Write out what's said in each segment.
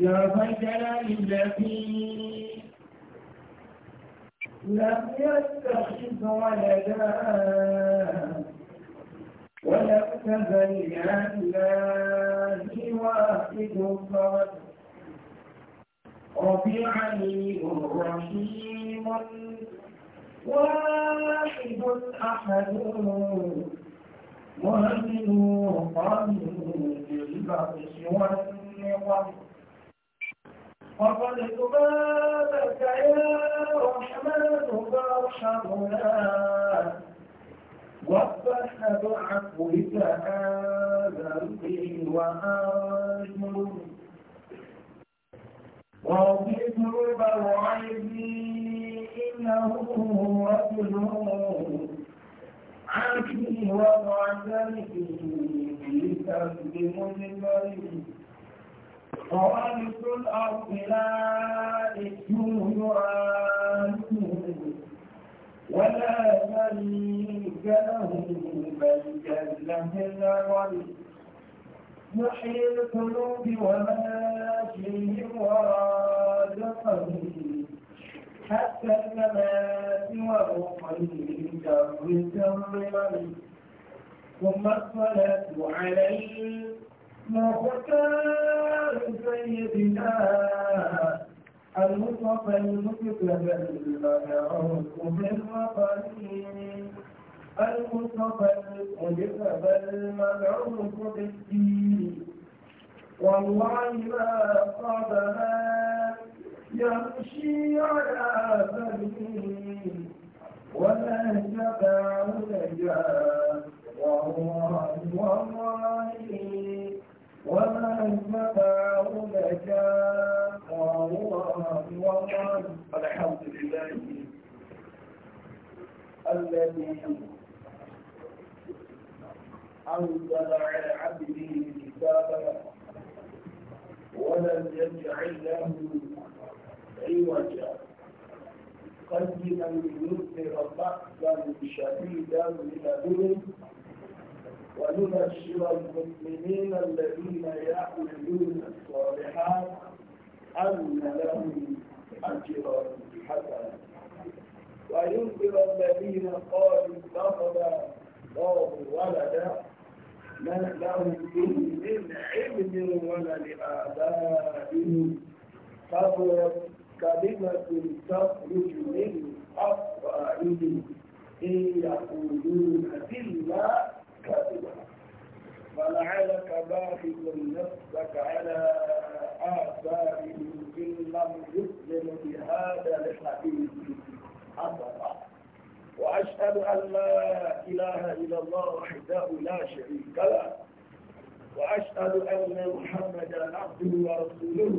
يا فجلا الذي لم يتخذ ولدا ولم تبين الله واحد فرد وفي عليم رحيم واحد أحد وهزموا قالوا بالبعث والنقم وقد تبابك يا رحمن فارحمنا وافتح بعفوك هذا الدين وانجر واغفر انه هو عاكم ومعذرة في تسلم للمريض خوالف الأرض لا إثم يعانون ولا شريك له بل جل من الولي محيي حتى السماء والأرضين تمرمرا ثم الصلاة عليه مختار سيدنا المصطفى المكتب المعروف بالوطنين المصطفى المكتب المعروف بالدين والله ما أصاب يمشي على بنيه وما تبع نجا وهو الوضعي وما تبع نجا وهو الوضعي الحمد لله الذي أنزل على عبده كتابه ولم يجعل له عوجا أيوة. قيما لينذر بأسا شديدا من لدنه ونبشر المؤمنين الذين يعملون الصالحات أن لهم أجرا حسنا وينذر الذين قالوا اتخذ الله ولدا ما لهم به من علم ولا لآبائهم كبرت كلمة تخرج من أفواههم إن يقولون إلا كذبا فلعلك باخذ نفسك على آثارهم إن لم يسلم بهذا الحديث أبدا وأشهد أن لا إله إلا الله وحده لا شريك له وأشهد أن محمدا عبده ورسوله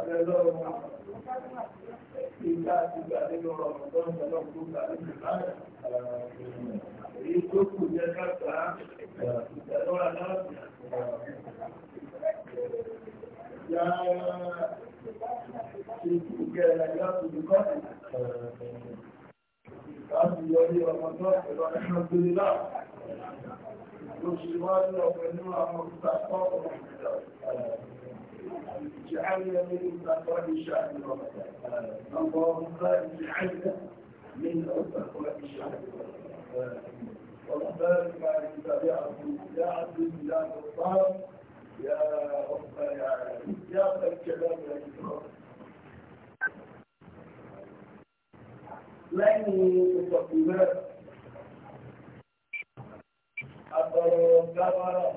ọlọ́run ìgbà àti ìgbà nínú ọ̀rọ̀ tó ń tọ́lọ́ tó gbà nínú ìbára èyí tó kù jẹ́ káàkà ìtẹ̀lọ́ra náà yá ṣe kù kẹrẹ láti ìkọ́ láti yọrí ọmọ tó pẹ̀lú ẹ̀ṣọ́ gbélé náà ló ṣe wá ní ọ̀pẹ̀ nínú àwọn òkúta tó ọ̀pọ̀ اجعلنا من أقرب شهر رمضان اللهم اجعلنا من أقرب شهر رمضان وبارك على تابعكم يا عبد يا غفار يا رب يا عزيز يا ذا الكلام يا إكرام لن تقبلات أبرو كبر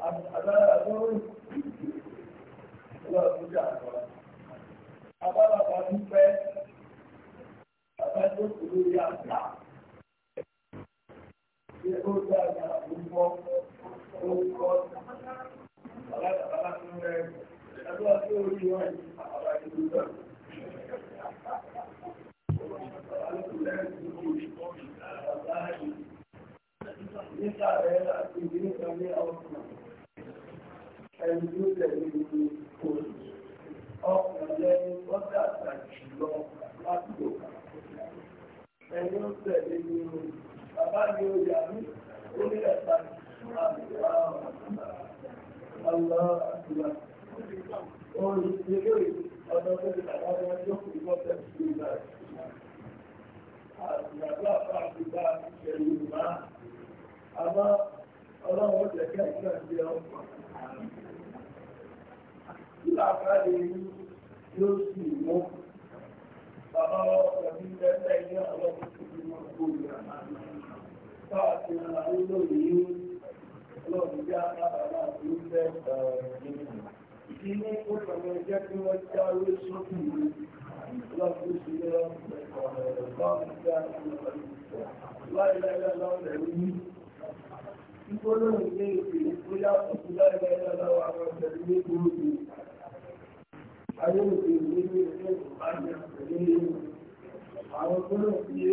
Àbábàbà ń pẹ́, bàbá tó kù lórí àgbà. Ṣé ó dá ìyá àbúkọ́, ó kọ́, bàbá láti ń rẹ̀, ẹgbẹ́ tí ó rí wọ́n yìí, bàbá ìlú náà. Nígbà rẹ̀ láti ìdílé kan àwọn ọmọ ẹni tó tẹ̀lé ní oṣù ọkùnrin ẹni tó dàgbà jùlọ láti lò ẹni tó tẹ̀lé ní oṣù bàbá mi ò yà mí ó ní ẹ̀ka ìṣúra mi láwọn àwọn àdúrà olùdílé ọdún tó ti bàbá wọn tó kù ní ọ̀sẹ̀ tó ti bàbá àgbàdo àpáàdé bá ìṣẹ̀lú ìmá àmọ́ ọlọ́run ó jẹ́ kí àìsàn ìgbé ọkọ̀ tí làákàlẹ̀ yìí yóò sì mú bàbá ọkọ̀ ní tẹ́tẹ́ ní àwọn ìṣẹ́jú wọn kó ìyá náà káàkiri àwọn olóòrè yìí ọlọ́run já lábàárà tó ń bẹ́ ẹ̀ẹ́dẹ́gbẹ̀rún. Ìdílé ó sọ̀rọ̀ jẹ́ kí wọ́n jáwé sókè yìí ọlọ́run tó ṣe lọ́wọ́ ìgbà láìláìlá lọ́wọ́ rẹ̀ wí. Ìgbólóhùn ilé ìpè ó yàtọ̀ àwọn ọ̀sẹ̀ ilé gbòógbò. Àwọn tó lọ sí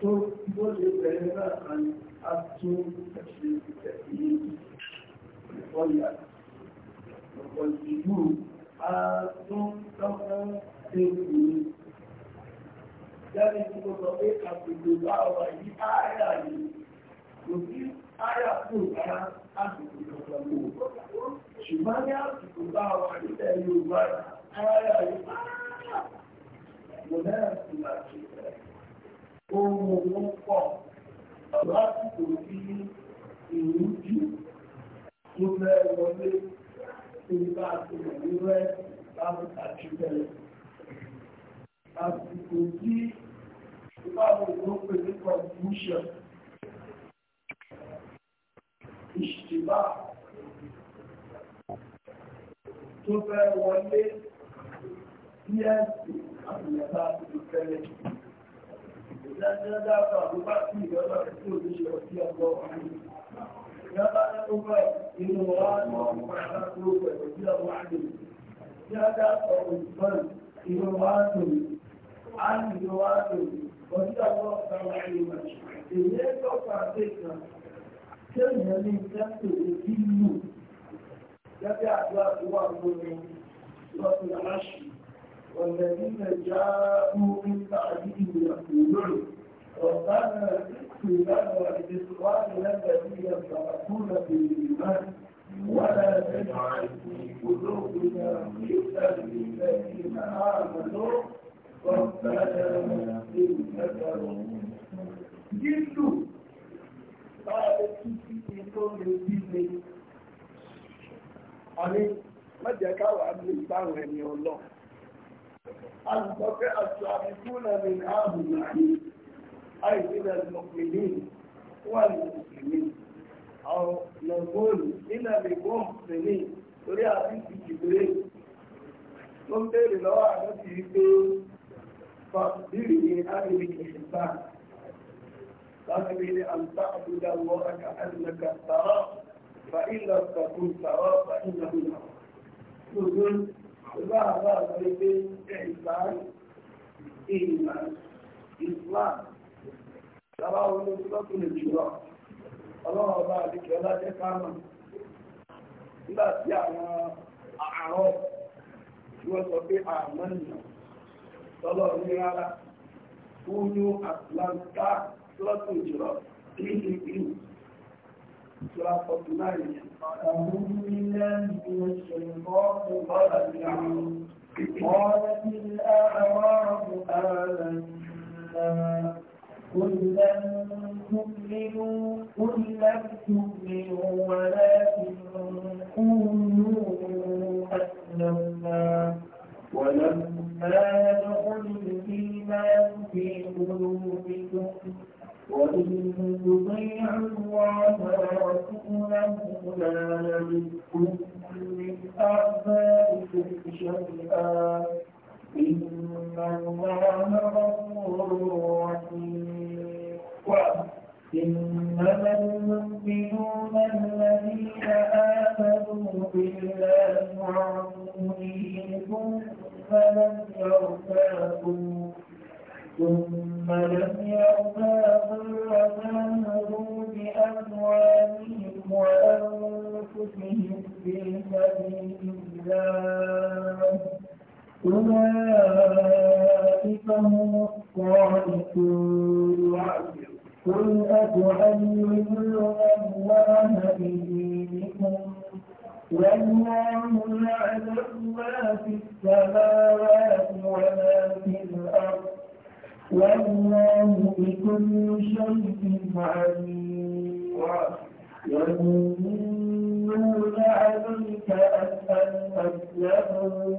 tó gbọ́dọ̀ bẹ̀rẹ̀ náà ni a tún ṣe ìtẹ̀lé ìfọ́yà ọ̀pọ̀ ìlú a tún tọ́kọ́ tẹ́kù jáde tí ó sọ pé àgbègbè bá ọ̀rọ̀ yìí áyà yìí kò sí áyà fún ìgbára àgbègbè ọ̀pọ̀ ṣùgbọ́n ní àgbègbè bá ọ̀rọ̀ yìí tẹ̀lé ògbára áyà yìí mọ̀ náà sì máa ṣe ohun òun pọ̀ lásìkò tí ìlú jù tó fẹ́ wọlé tó bá ti rẹ̀ láti àjùbẹ̀rẹ̀. Àsìkò tí ìbáwò ló pè ní confusion, ìṣìbá tó fẹ́ wọlé tí ẹ̀sìn àti ìyàtà àti ìfẹ́lẹ̀. Kéèyàn ní ìjẹ́pẹ̀ ìlú gẹ́gẹ́ àjọ àdúwà lórí lọ́pìn aláṣìí. والذين جاءوا من بعدهم يقولون ربنا اغفر لنا ولاخواننا الذين سبقونا بالايمان ولا تجعل في قلوبنا غلا للذين امنوا ربنا انك رؤوف جلدوا بعد كتب قول الدين عليك ما جاء كاو عبد الله بن الله البقاء السابقون من عام العين أي إلى المؤمنين والمسلمين أو نقول إلى المحسنين torí àbíkì ìgbèrè ló ń bèèrè lọ́wọ́ àwọn ti rí pé fàbírí ní àríwíkì ìṣẹ̀bá láti rí àǹtà àbúdá wọ aka àdínàkà tààrà fa ìlà tàkùn tààrà fa ìlà ìlà ìlú àwọn àwọn ẹgbẹ́ ẹ̀ẹ́dìbáàrì ìlà Islam lábá olú lọ́tù lè jùlọ ọlọ́run ọba àdìkẹ́ ọlájẹ́ àwọn àárọ̀ tí wọ́n sọ pé àmọ́ nìyàn tọ́lọ̀ ní rárá kúnyú àtìláńtà أعوذ بالله من الشيطان الرجيم قالت الأعراب آمنا قل لم تؤمنوا قل لم تؤمنوا ولكن قولوا أسلمنا ولما يدخل الإيمان في قلوبكم وإن يطيع الله ورسوله لا يلدكم من أعمالكم شيئا إن الله أولئك هم الصادقون قل أتعلمون الله بدينكم والله يعلم ما في السماوات وما في الأرض والله بكل شيء عليم يمنون عليك أن أسلموا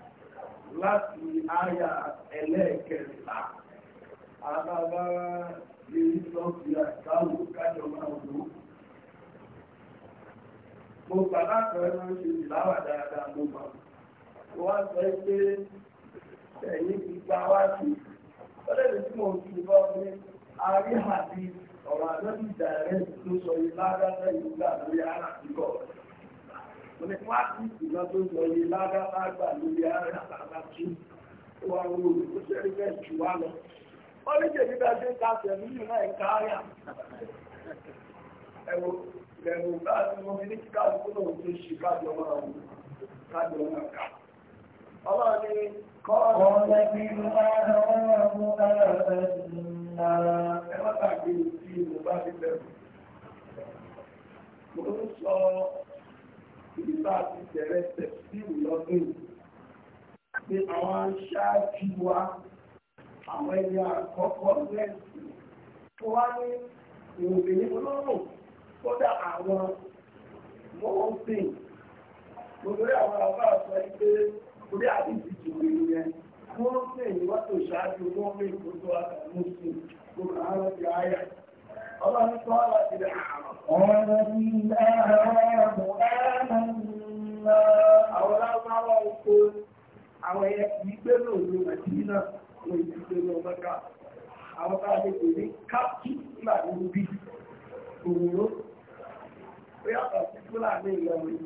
láti àyà ẹlẹ́ẹ̀kẹrìnlá alára lórí sọ́ọ̀tì àìkáwò kájọ máa wò mo gbà láti ẹran ṣe ìláwà dáadáa mo mọ̀ wọ́n sọ pé ẹ̀yìn ti gba wá sí tí mo fi bọ́ pé a rí àbí ọ̀rọ̀ àdọ́bí tó sọ lórí Òní wá sí ìgbà tó lọ yé lágbàlagbà lórí ààrẹ àtàlà tí ó wà wọ́n lórí tó ṣe rí bẹ́ẹ̀ jù wá lọ. Ó ní jèbí bá ṣe ń ka tẹ̀lú yìí náà ń káyà. Ẹ̀wò ẹ̀wò bá ti mọ mi ní kíkà tó lọ tó ibi bá ti bẹ̀rẹ̀ tẹ̀síwù lọ́dún ni àwọn aṣáájú wa àwọn ẹni àkọ́kọ́ lẹ́sìn tó wá ní ìròyìn olóòrùn kódà àwọn mọ́ọ̀sìn olórí àwọn àwọn àṣọ ẹgbẹ́ orí àdìsí jùlọ ìyẹn mọ́ọ̀sìn ni wọ́n tó ṣáájú mọ́ọ̀mí ìkótó àtàmúsìn gbogbo àwọn ti àyà ọlọ́run tó wà láti rẹ̀ àwọn. قالت الأعراب آمنا àwọn lábáwá oko àwọn ẹyẹ kìí gbé lòdò nàìjíríà wọn ìdí gbé lọ mẹ́ka àwọn bá lè pè ní káàkì fúlàní bí òwúrọ̀ ó yàtọ̀ sí fúlàní ìlọrin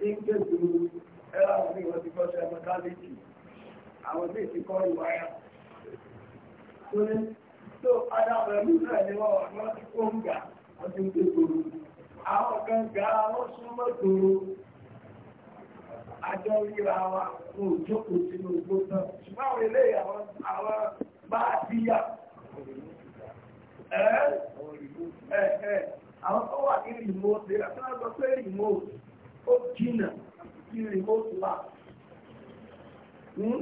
ní gbèsè ẹ̀rọ àwọn ní wọ́n ti kọ́ ṣe mẹ́kálíkì tó ní tó adáwọ̀ ẹ̀mí náà ni wọ́n ti kó ń gà wọ́n ti ń pè tòrò àwọn kan ga wọ́n súnmọ́ tòrò àjọ ríra wa fún òjókòó sínú ogbó náà ṣùgbọ́n àwọn ilé àwọn bá díyà àwọn tó wà ní remote rẹ̀ tó lọ pé remote ó jìnà sí remote lab hmm?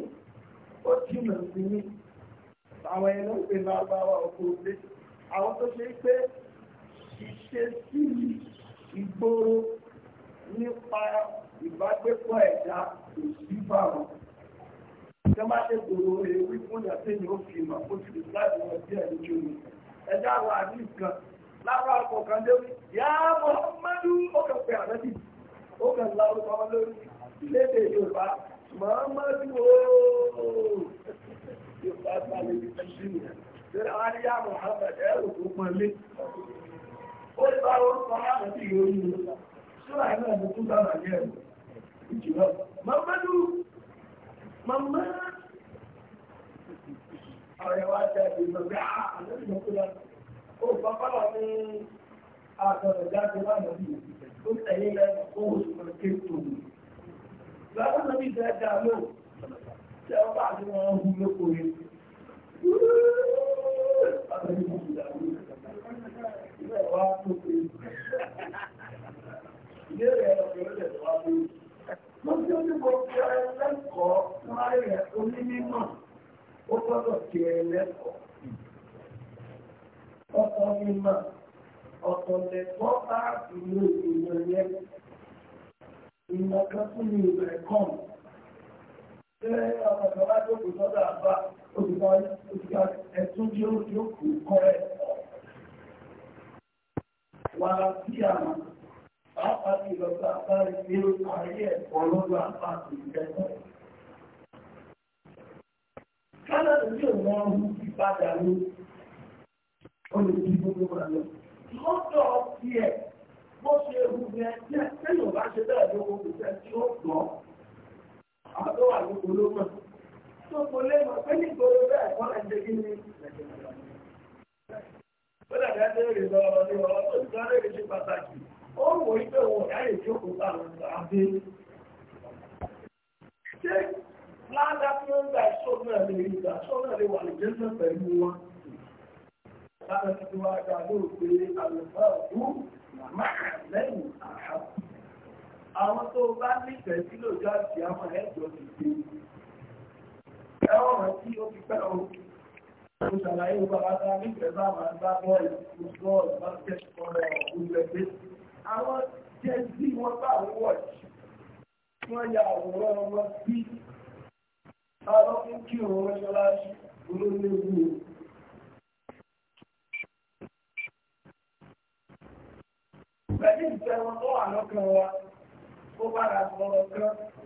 ó jìnà sí ní àwọn ẹni ó pè ọkọ̀ òde àwọn tó ṣe pé ìṣesí ìgboro nípa ìbágbépọ̀ ẹ̀dá kò sí báwọn. Ìjọba ṣe gbòòrò ewé fún ìyàtẹ̀yìn òfin mà ó ti láti lọ sí ẹ̀dí tó ní. Ẹja àwọn àdí kan lára ọkọ̀ kan lórí. Yá Mọ̀hámẹ́dù ó kàn pé àrẹ́bì. Ó kàn la orúkọ wọn lórí lédè Yorùbá. Mọ̀hámẹ́dù ooo. Yorùbá sáré ní Nàìjíríà. Ṣé àwọn àríyá Mọ̀hámẹ́dù ẹ̀rù tó pọn lé? ó bá orúkọ láti sí ìwé orí rẹ̀ ṣúra ẹ̀rọ ẹ̀mú tún bá bàjẹ́ ẹ̀rọ ìjùlọ mamadu mamá ọ̀rẹ́ wa jẹ́ ìgbìmọ̀ bí a àlejò ìgbàkúrà ó bá báwa ní àtọ̀rọ̀ jáde lánàá yìí ó tẹ̀lé lẹ́nu ó oṣù kan kéètò láwọn náà bí ìjọba dáa lóò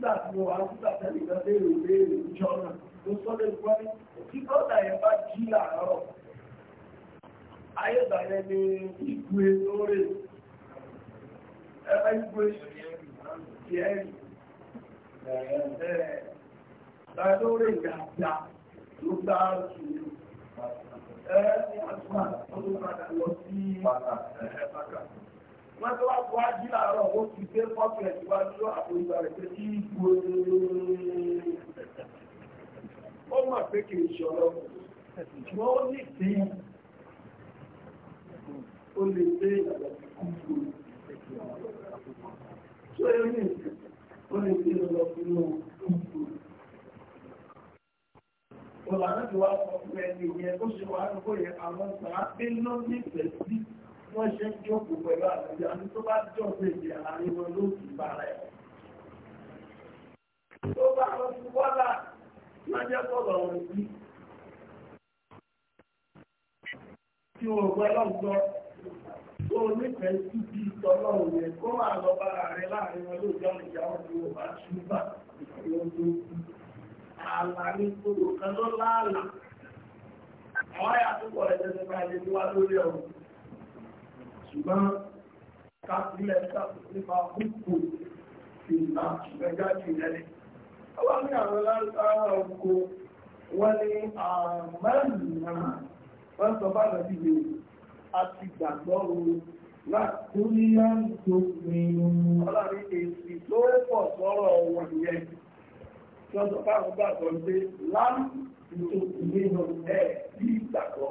nígbà tí mo wà nígbà tẹ́lẹ̀ náà léèrè léèrè ìjọ náà ló sọ lé wọ́n ní tí bọ́ọ̀dà yẹn bá jí làárọ̀ ayébà yẹn ni ìgbé lórí ẹgbẹ́ ìgbé ìyẹ́rì ẹ̀ẹ́ lórí ìgbàgbà ló gbá sí ẹ̀ẹ́ ní àtúmà tó padà lọ sí pàtàkì wọ́n tó wá tó wá jí láàárọ̀ ó ti gbé pọ́ọ̀kì ẹ̀ síwájú àpò ìgbà rẹ̀ pé kí ìgbò ó mọ̀ pé kì í ṣọ̀rọ̀ ṣùgbọ́n ó ní ìdí ó lè dé ìlànà ìkúgbò tó yẹ ní ó lè dé ìlànà ìkúgbò ọ̀làná ti wá sọ fún ẹni ìyẹn ó ṣe wà á kó yẹ àwọn sàá pé ló nífẹ̀ẹ́ sí wọ́n ṣe ń jókòó pẹ̀lú àtàjá ní tó bá jọ pé ìdí àárín wọn ló ti bá rẹ̀. tó bá lọ sí wọ́lá máa jẹ́ sọ̀rọ̀ wọn sí. tí wọn gbọ́ lọ́gbọ́ tó nífẹ̀ẹ́ sí bí ìtọ́lọ́run yẹn kó kan ló láàlà. àwọn àyà ẹ̀jẹ̀ tó bá yẹ kí wá lórí ọ̀run ṣùgbọ́n kápílẹ̀ sáfífà púpù fi ìlà ṣùgbẹ́jáde lẹ́lẹ̀. Ọwá ní àwọn lára oko wọ́n ní àmẹ́rìnà wọ́n sọ bá lọ síbi àti gbàgbọ́ ooru láti ní láńtò mìíràn ọlọ́rin èsì tó pọ̀ sọ́rọ̀ wọn yẹn. Lọ́sọ̀ báwọn gbàgbọ́ pé ẹ̀ bí ìgbàgbọ́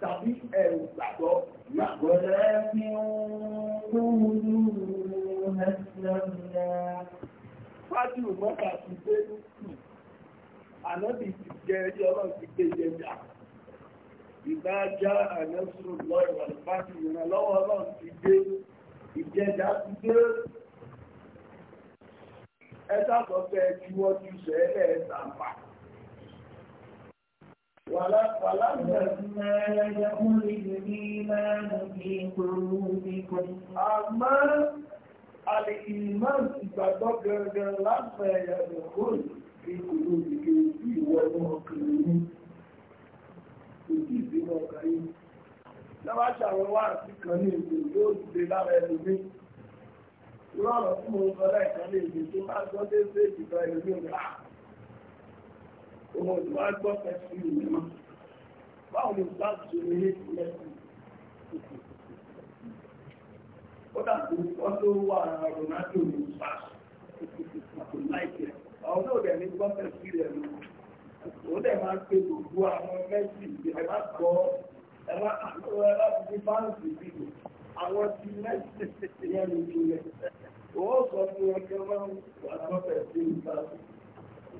tàbí ẹ̀rù gbàgbọ́ lágbọ́dọ̀ fi ohun Fájú mọ́ta ti gbé ànábì ti jẹ ẹjọ́ ọlọ́run ti gbé jẹ jà. Ìgbà já ànẹ́sùn lọ ìwà ìpájú ìrànlọ́wọ́ ọlọ́run ti gbé ìjẹjà ti gbé ẹ̀sàkọ̀ọ́fẹ́ juwọ́jú sẹ́lẹ̀ ẹ̀sàmà. ولما يدخل الإيمان في قلوبكم أما الإيمان ìgbàgbọ́ gangan láfẹ́ ẹ̀dẹ̀kùn في قلوبكم في وضعكم Ìjì ìdínà ọ̀gáyé. Lọ́wọ́ṣà àwọn wá sí kan ní ìlú yóò dìde lára ẹni ní. Ìrọ̀rọ̀ fún mo sọ lẹ́ẹ̀kan ní ìlú tó bá sọ dé sí ìjìdá ìlú ọmọ ìwà gbọ́ ẹ̀sìn ìlú mọ́ báwọn ni bá jù ní lẹ́sìn ó dàbí wọ́n tó wà Ronaldo ní sars àti Michael àwọn náà dẹ̀ ní gbọ́ ẹ̀sìn rẹ̀ mọ́ ó dẹ̀ máa ń pe gbogbo àwọn mẹ́sì ẹ̀ má gbọ́ ẹ̀ má àwọn ẹ̀ má fi fáǹsì bíbò àwọn ti mẹ́sì yẹn ní ìpínlẹ̀ ó sọ fún wọn kí wọ́n wà lọ́fẹ̀ẹ́ sí ìgbà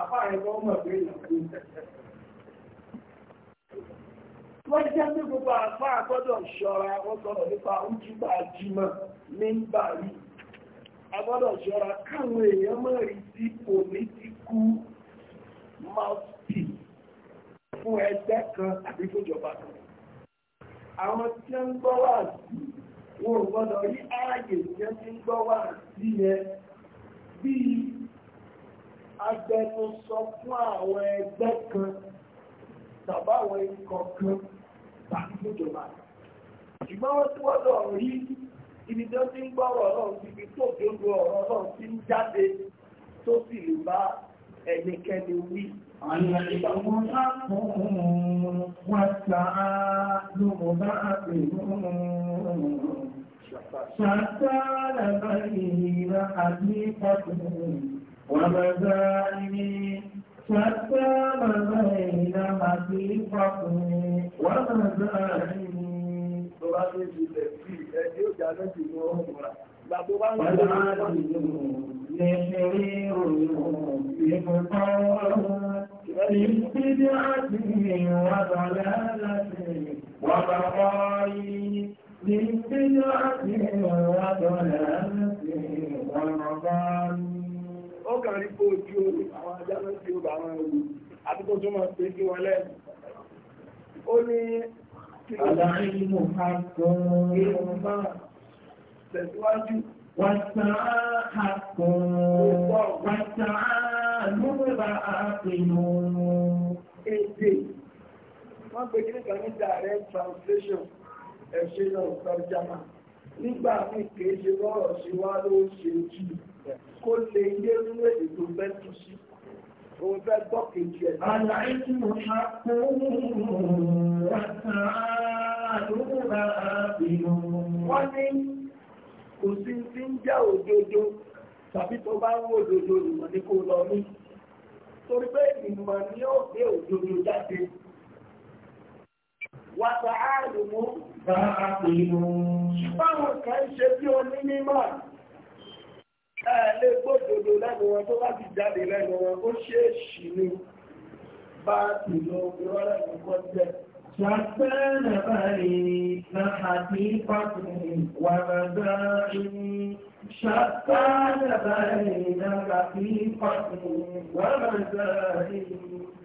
àbá ẹ̀kọ́ mọ̀ pé ìyàwó. Wọ́n jẹ́ pé gbogbo àpá àgbọ́dọ̀ ṣọ́ra wọ́n sọ̀rọ̀ nípa ojúbà jímọ̀ ní bàrí. Àgbọ́dọ̀ ṣọ́ra káwọn èèyàn mọ̀ rí sí pòlítíkù mouthpiece fún ẹgbẹ́ kan àbí fúnjọba kan. Àwọn tí ń gbọ́ wà sí wọn ò gbọ́dọ̀ rí ààyè tí ń gbọ́ wà sí yẹn bíi agbẹnusọ fún àwọn ẹgbẹ́ kan tàbá àwọn ikọ̀ kan tàbí ìjọba. ṣùgbọ́n wọ́n tí wọ́n lọ rí ibi tó ti ń gbọ́rọ̀ ọlọ́run ti fi tó gbogbo ọ̀rọ̀ ọlọ́run ti ń jáde tó sì lè bá ẹnikẹ́ni wí. Àwọn ìgbàgbọ́ máa ń mú wọn sàá lóko bá àpè mú ṣàtàlẹ̀ báyìí rà àbí pàtó ومزارعي حتى مضينا حقيقته ومزارعي لحرير يبطره لابتدعته وضلالته وبقائه لابتدعته وضلالته ومضانه ó kàn rí kó ojú orí àwọn ajá lọ sí ọba àwọn ewu àti kó tó máa pè wọn lẹ́nu ó ní kí ló ń rí mọ̀ ká gan-an kí wọ́n máa tẹ̀síwájú Wàtàákàkùn wàtàánúwà àpinnu. Èdè, wọ́n pè kí nígbà ní direct translation ẹ̀ṣẹ́ náà sọ́rọ̀ jama. Nígbà ní kèéṣe lọ́rọ̀ ṣe wá ló ṣe jù kó lè yé lórí èdè bẹ́ tú sí òun fẹ́ gbọ́ kejì ẹ̀. àlà ìtumọ̀ àpò àtàlùmọ̀ àbìnú. wọ́n ní kò sí ti ń jẹ́ òdodo tàbí tó bá ń òdodo ìmọ̀ ní kó lọ ní. torí pé ìmọ̀ ni ó gbé òdodo jáde. wàtà àlùmọ̀ bá a pinnu. báwọn ṣe bí onímọ̀ ẹ̀ẹ́lé gbódòdó lẹ́nu wọn tó bá ti jáde lẹ́nu wọn ó ṣe é ṣì ní bá ti lọ rọ́rẹ́ nǹkan jẹ́. Ṣàpẹ́rẹ́ nàbà rìn láti pàtàkì wà bàbá rìn. Ṣàpẹ́rẹ́ nàbà rìn láti pàtàkì wà bàbá rìn.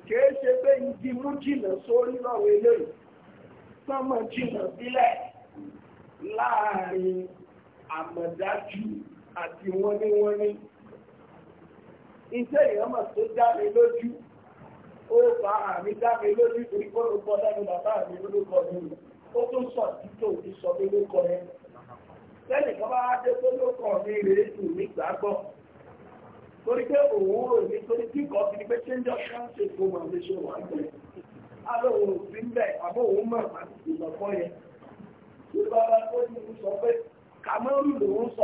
Kìí ṣe pé ìdí mú jìnà sórí lọ́wọ́ eléyìí, sọ́mọ jìnà sílẹ̀ láàrin àmọ̀dájú àti wọ́n Iṣẹ́ tó fa àmì lójú torí kó ló kọ́ lẹ́nu bàbá Ó sọ títò ti sọ mi ló kọ́ ẹ. Lẹ́yìn kan bá dé tó ló mi rèé tù mí gbàgbọ́. Torí pé òun rò ní torí fi ni pé ṣé ń jọ ṣe ń ṣe fún màmí ṣe wà bẹ́ẹ̀. Àlọ́ òun sí ń bẹ̀ àbọ̀ òun mọ̀ àti ìlọ̀kọ́ yẹn. Ìlọ́ra ó ní sọ pé Kàmọ́rù sọ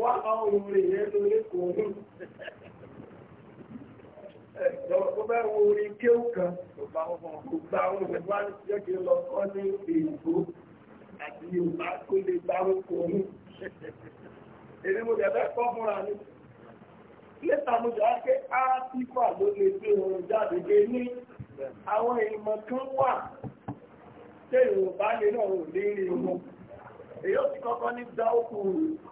wá àwọn orí yẹn lórí kòrò ẹ̀dọ́ bẹ́ wo orí kéwù kan kò gba ohun rẹ̀ wá jẹ́ kí lọ kọ́ ní èyìnbó àti yorùbá kó lè gba ohun kòrò èdè mo jẹ̀bẹ́ kọ́ fúnra mi lẹ́tà mo jẹ́ pé á pípà ló lè gbé ohun jáde dé ní àwọn ìmọ̀ kan wà tẹ́ yorùbá lè náà ò lérí wọn èyí ó ti kọ́kọ́ ní dáókù rẹ̀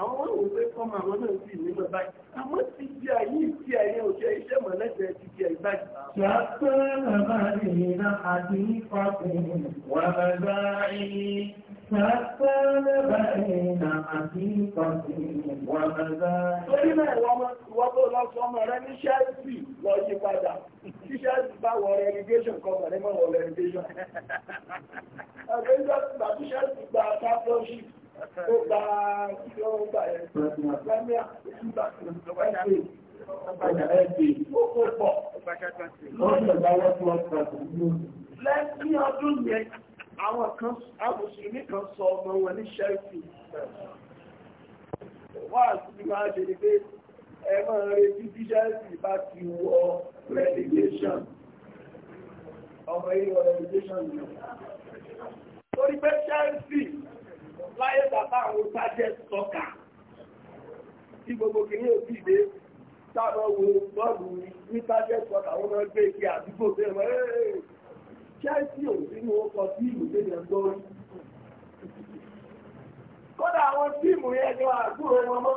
àwọn wọn ò pé kọ́mọ àwọn náà sì nílò báyìí àmọ́ ti di ayé ti ayé òṣè iṣẹ́ mọ̀lẹ́sẹ̀ ti di ayé báyìí. ṣàpẹ́ lẹ́bàdìrínà àti ìfọ̀sìn wà bàbá yìí. ṣàpẹ́ lẹ́bàdìrínà àti ìfọ̀sìn wà bàbá yìí. torí náà wọ́n tó lọ sọ ọmọ rẹ ní ṣáàtì lọ yí padà ṣíṣáàtì bá wọ relegation kọ́ wá ṣe ni pé ẹ máa retí tí Chelsea bá ti wọ relegation ọmọ yìí wọ relegation ni torí pé Chelsea láyé bàbá àwọn sájẹ́ sọ́kà tí gbogbo kìíní òbí dé sábà wo bọ́ọ̀lù ní sájẹ́ sọ́kà wọ́n máa gbé ike àdúgbò bẹ́ẹ̀ mọ́ ẹ́ẹ́ Chelsea ò sínú ọkọ̀ tí ìlú tẹ́lẹ̀ ń gbọ́ rí kódà àwọn tíìmù yẹn ni wọ́n àgbúrò wọn mọ́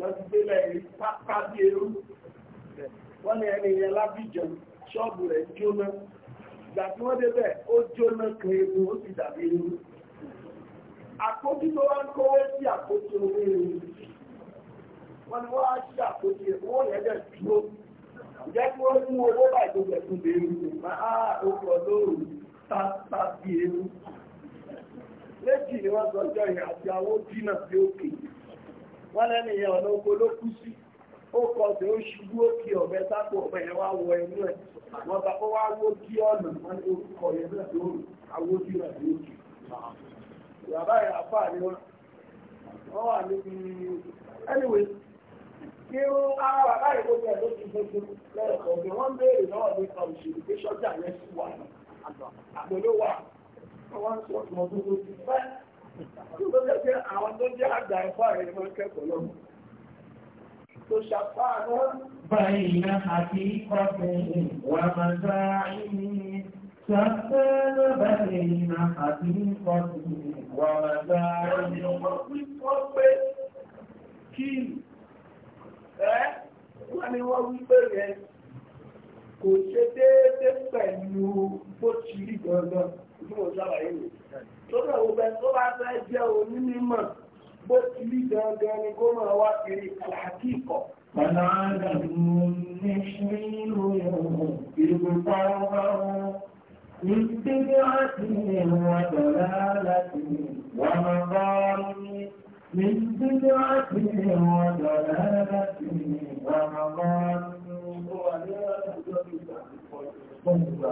wọ́n ti délẹ̀ rí pápá bí eru wọ́n ní ẹni yẹn lábìjàn ṣọ́ọ̀bù rẹ̀ jóná ìgbà tí wọ́n débẹ̀ ó jóná kan egun ó dàbí eru tó wá ń sí owó eru wọ́n ní wọ́n á owó yẹn dẹ̀ dúró kí wọ́n mú owó fún pápá bí eru ni wọ́n sọ àti wọ́n lẹ́nu ìyẹn ọ̀nà oko ló kú sí ó kọ sí ó ṣubú òkè ọ̀bẹ sápò ọ̀bẹ yẹn wá wọ ẹnu ẹ̀ wọ́n bá ó wá wó kí ọ̀nà wọn orúkọ yẹn náà ló rò awójú rẹ̀ ló jù. bàbá yẹn àfà ni wọn wọn wà níbi anyway kí ó ara bàbá yìí gbogbo ẹ̀ ló ti gbogbo lẹ́ẹ̀kọ́ bí wọ́n béèrè náà nípa òṣèlú pé sọ́jà yẹn sì wà àgbọ̀dọ̀ wà wọ́n sọ̀tún tó lè jẹ́ àwọn tó jẹ́ àgbà ẹ̀fọ́ rẹ̀ máa kẹ́kọ̀ọ́ lọ́wọ́ tó ṣàpáàná báyìí na àti kọ́fẹ́ wà máa sáà ìní ṣàpáàná báyìí na àti kọ́fẹ́ wà máa sáà ìní wọ́n pé kí ẹ́ wọ́n ni wọ́n wípé rẹ̀ kò ṣe déédé pẹ̀lú bó ti rí gbọ́ngàn ní ọjọ́ àyẹ̀wò lórí ọ̀gbẹ́ tó bá fẹ́ jẹ́ onímọ̀ bó ti rí gangan ni kó máa wá kiri àlàkì ìkọ̀. Bàbá àdàlù ní ṣe ìròyìn ìlú pàápàá. Ìgbégáàtì ìwọ̀n dọ̀lá láti wà máa bá rí. Ìgbégáàtì ìwọ̀n dọ̀lá láti wà máa bá rí. Ó wà ní ọjọ́ ìgbà ìfọ̀jù fún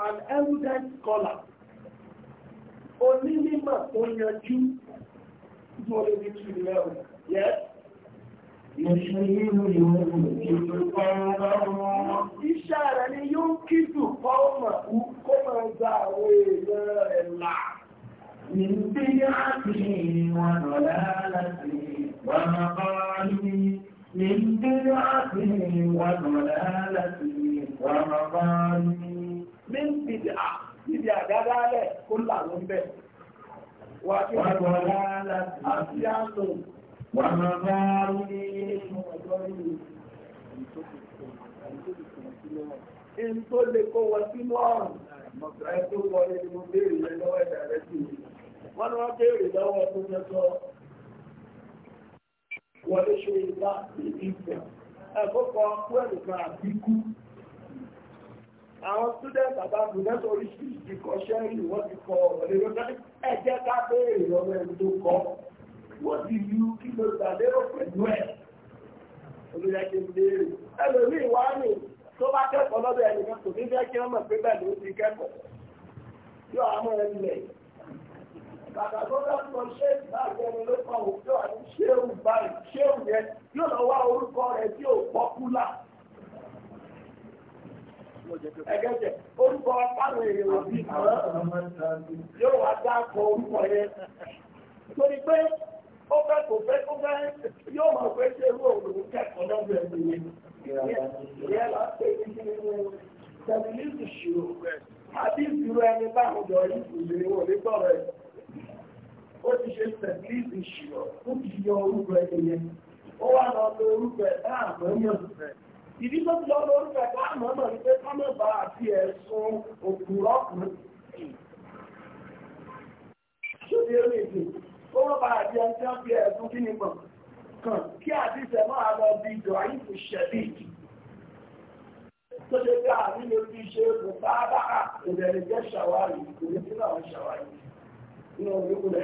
An evident scholar onímọ̀ tó yanjú tí wọ́n lè ní tù ní ẹ̀rù yẹ́ Iṣẹ́ rẹ̀ ni yóò kíjù fọ́ọ̀mà kó máa gba àwọn èèyàn rẹ̀ là. Ìgbé láti wọn lọ́lá láti wọn máa bá ní. Ìgbé láti wọn lọ́lá láti wọn máa bá ní. Mí ń bìdà níbi àdádálẹ̀ kó làwọn bẹ̀. Wà tí wà lọ lára àti àlò wà máa bá rí nínú ọjọ́ ìlú. In tó lè kó wọ sínú ọ̀rùn, mọ̀kàrá tó wọ ní mo béèrè lọ́wọ́ ẹ̀dà rẹ̀ sí mi. Wọ́n ní wọ́n béèrè lọ́wọ́ tó jẹ́ sọ wọlé ṣe ìgbà ìgbà. Ẹ̀kọ́ kan kú ẹ̀dùn kan àbíkú àwọn students àbá professor oríṣiríṣi kọ ṣẹ́rì wọ́n ti kọ ọ̀rọ̀ lérò pé ẹ jẹ́ ká béèrè lọ́wọ́ ẹni tó kọ́ wọ́n ti lu kí ló gbà lérò pẹ̀lú ẹ̀ olùyẹ̀kẹ́ léèrè ẹlòmíì wá ní tó bá kẹ́kọ̀ọ́ lọ́dọ̀ ẹni kan kò ní fẹ́ kí wọ́n mọ̀ pé bẹ́ẹ̀ ló ti kẹ́kọ̀ọ́ yóò àmọ́ ẹ lẹ̀ bàbá tó bá sọ ṣé báyìí ẹni ló kọ òun yóò àti ṣéwù báyìí ṣéwù yẹn yóò lọ wá ẹgẹ́jẹ̀ orúkọ táwọn èèyàn ò bí yóò wá dá kọ orúkọ yẹn torí pé ó fẹ́ kò fẹ́ kó fẹ́ yóò mọ̀ pé ṣé irú òòlù kẹ́kọ̀ọ́ lọ́dọ̀ ẹ̀mí yẹn ìyẹn là ń pè ní tẹ̀lifíṣì ṣòro àbí ìṣòro ẹni báwọn jọ ìṣòro ìwọ̀n nígbọ̀rọ̀ ẹ̀ ó ti ṣe tẹ̀lifíṣì ṣòro ó ti yọ orúkọ ẹni yẹn ó wà lọ lọ orúkọ ẹ̀ ìdí tó ti lọ lórí ẹ̀ka àmọ́mọ́ ní pé ká mọ̀ bá àti ẹ̀sùn òkúrọ́ kan. ṣòdì eré èdè ó wọ́n bá àti ẹni tí wọ́n fi ẹ̀sùn kí ni mọ̀ kàn kí àdìsẹ̀ máa lọ bí ìjọ àyíkù ṣẹ̀lì tó ṣe pé àmì lè fi ṣe kò bá bá ìrẹ̀lẹ̀ jẹ́ ṣàwárí kò ní sínú àwọn ṣàwárí nínú pé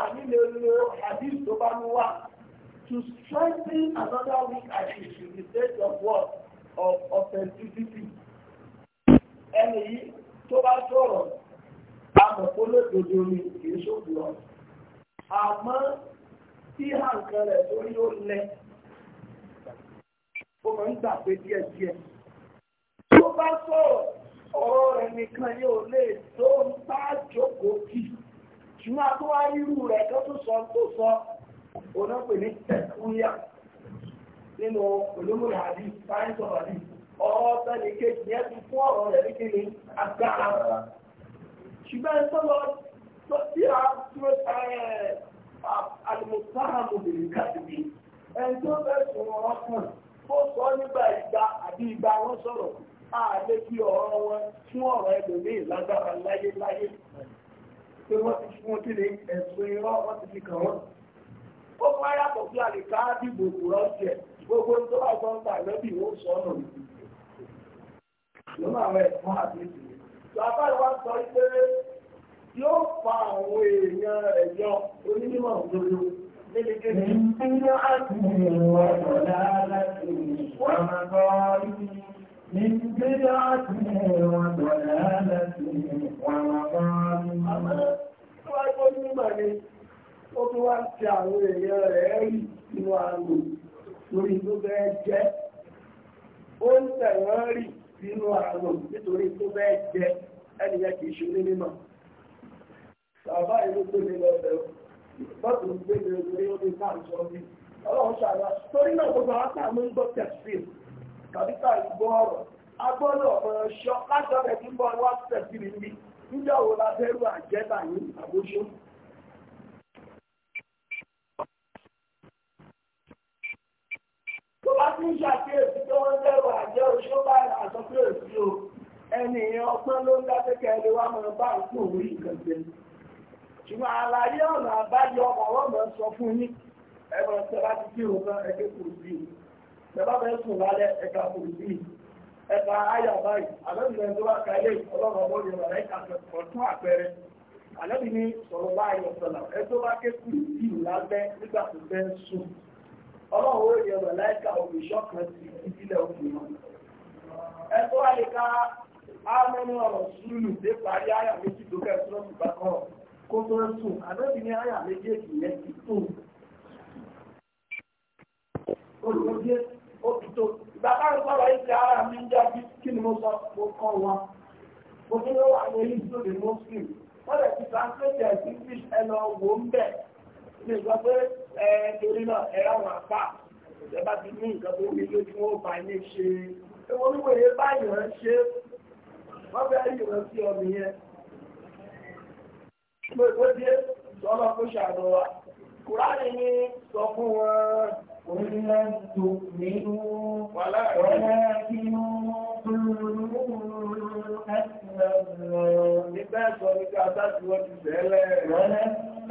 àmì lè lo àdìsẹ̀ tó wá to strengthen another weak identity in the state of what? Of authenticity. Ẹni yìí tó bá sọ̀rọ̀ amọ̀pólódodo ni kìí ṣòkùrọ̀. Àmọ́ tí hà nǹkan rẹ̀ torí ó lẹ, ó máa ń gbà pé díẹ̀díẹ̀. Tó bá sọ̀rọ̀ ọ̀rọ̀ rẹ̀ nìkan yóò lè tó ń bá jókòó kì. Ṣùgbọ́n a irú rẹ̀ kan tó sọ tó sọ onápè ní tẹ̀kúyà nínú olómùrà àdí sáyẹ́ǹsì ọ̀rọ̀ àdí ọ̀rọ̀ sẹ́ni kejì yẹn ti fún ọ̀rọ̀ rẹ̀ ní kíni agbára ṣùgbọ́n ẹ̀ sọ́lọ tó tí a tó àlùmọ̀sáhàmù bèrè káàkiri ẹni tó fẹ́ sùn ọ̀rọ̀ kan ó sọ nígbà ìgbà àbí ìgbà wọn sọ̀rọ̀ àlè kí ọ̀rọ̀ wọn fún ọ̀rọ̀ ẹlòmíì lágbára láyé láyé pé wọ́n ti fún kí ni ẹ̀sùn irọ́ wọ́n ti fi kàn wọ́n ó fún ara kò fi àlèkà dìbò kò rọ́ọ̀jẹ̀ gbogbo tó wà tó ń ta ó sọ ọ́nà òbí. lọ́nà àwọn ẹ̀fọn àti ìsìn. tó sọ pé yóò fa àwọn èèyàn ẹ̀yọ onímọ̀ òdodo níbi kéde. ìpínlẹ̀ àti ìwà ìwà láti ìwà máa gbọ́ من بدعة وضلالة ومضار ó tún wá ti àwọn èèyàn rẹ̀ rí inú àrùn lórí tó bẹ́ẹ̀ jẹ́ ó ń tẹ̀wọ́n rí inú àrùn nítorí tó bẹ́ẹ̀ jẹ́ ẹnìyẹn kì í ṣe ní mímọ́ bàbá ìlú tó lè lọ bẹ̀rù bọ́ọ̀tù ń gbé lè lórí omi náà sọ ní ọlọ́run ṣàlá torí náà gbogbo àwọn táà mú ń gbọ́ tẹ̀sí tàbí táà ń gbọ́ ọ̀rọ̀ agbọ́dọ̀ ọ̀pọ̀ ṣọ́ láti ọ̀rẹ́ tí ń bọ́ wá tẹ̀sí níbi níjọ́ wo la fẹ́ rú àjẹ́ta yìí àbójú wá sí ṣàkíyèsí tó wọ́n dẹ̀rọ àjẹ́ oṣó báyìí àsọkúrèsí o ẹnìyàn ọpọ́n ló ń dákẹ́kẹ́ ẹni wá máa bá ń pò orí nǹkan jẹ ṣùgbọ́n àlàyé ọ̀nà àbáyọ àwọn ọmọ sọ fún yín ẹ̀rọ ìṣẹ́ láti kí òun náà ẹgbẹ́ kò sí i bẹ́ẹ̀ bá sùn lálẹ́ ẹ̀ka kò sí i ẹ̀ka ayà báyìí àlọ́bìnrin ọlọ́run ó yẹ mọ̀láìkà olùṣọ́ kan sí ìdílé òkú wọn. ẹ tó wá lè ká ámẹ́nu ọ̀rọ̀ sùúrù dé parí àyà méjì tó kẹ́ sọ́ọ́ ti bá kọ́ kó tó ń sùn àdóbi ní àyà méjèèjì yẹn ti tó. olùkọ́jẹ́ ó ti tó ìgbà táwọn sọ̀rọ̀ yìí ti ara mi ń jábí kí ni mo sọ mo kọ́ wọn. mo ní ó wà ní ilé ìṣòro muslim wọ́n lè ti translate ẹ̀ English ẹ̀ lọ wò ń bẹ̀ ẹ torí náà ẹ ráwọn apá ìjọba ti ní nǹkan tó ní lójú wọn bá ilé ṣe ewu oníwòye báyìí wọn ṣe wọn fẹẹ yìí wọn sí ọmọ yẹn mo ìwé díẹ̀ sọlọ kó ṣàánú wa kùránì ní sọ fún wọn. Orílẹ̀ tó nínú wàlá kí ó dúró ẹ̀sìn ẹ̀sìn. Nígbà ẹ̀sọ́ ní ká sáà tí wọ́n ti bẹ̀rẹ̀.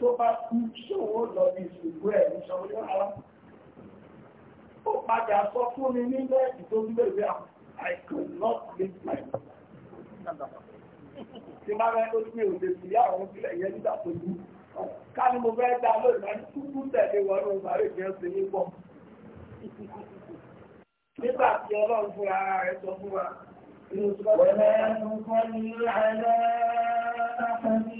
tó bá kú ṣòwò lọ bí ìṣòwò ẹ̀ ní ṣọwọ́ yóò rárá. Ó padà sọ fún mi ní lẹ́ẹ̀dì tó ń bèrè àwọn I could not live my life. Tí máa rẹ̀ ó gbé òde sí àwọn ìpínlẹ̀ yẹn nígbà tó kú. Ká ní mo fẹ́ dá lóyún náà kúkú tẹ̀lé wọnú ìbárè kí wọ́n ṣe ní pọ̀. Nígbà tí Ọlọ́run fún ara rẹ̀ sọ fún wa, inú sọ́dọ̀. Wọ́n máa ń kọ́ ní àlọ́ àfọ̀mí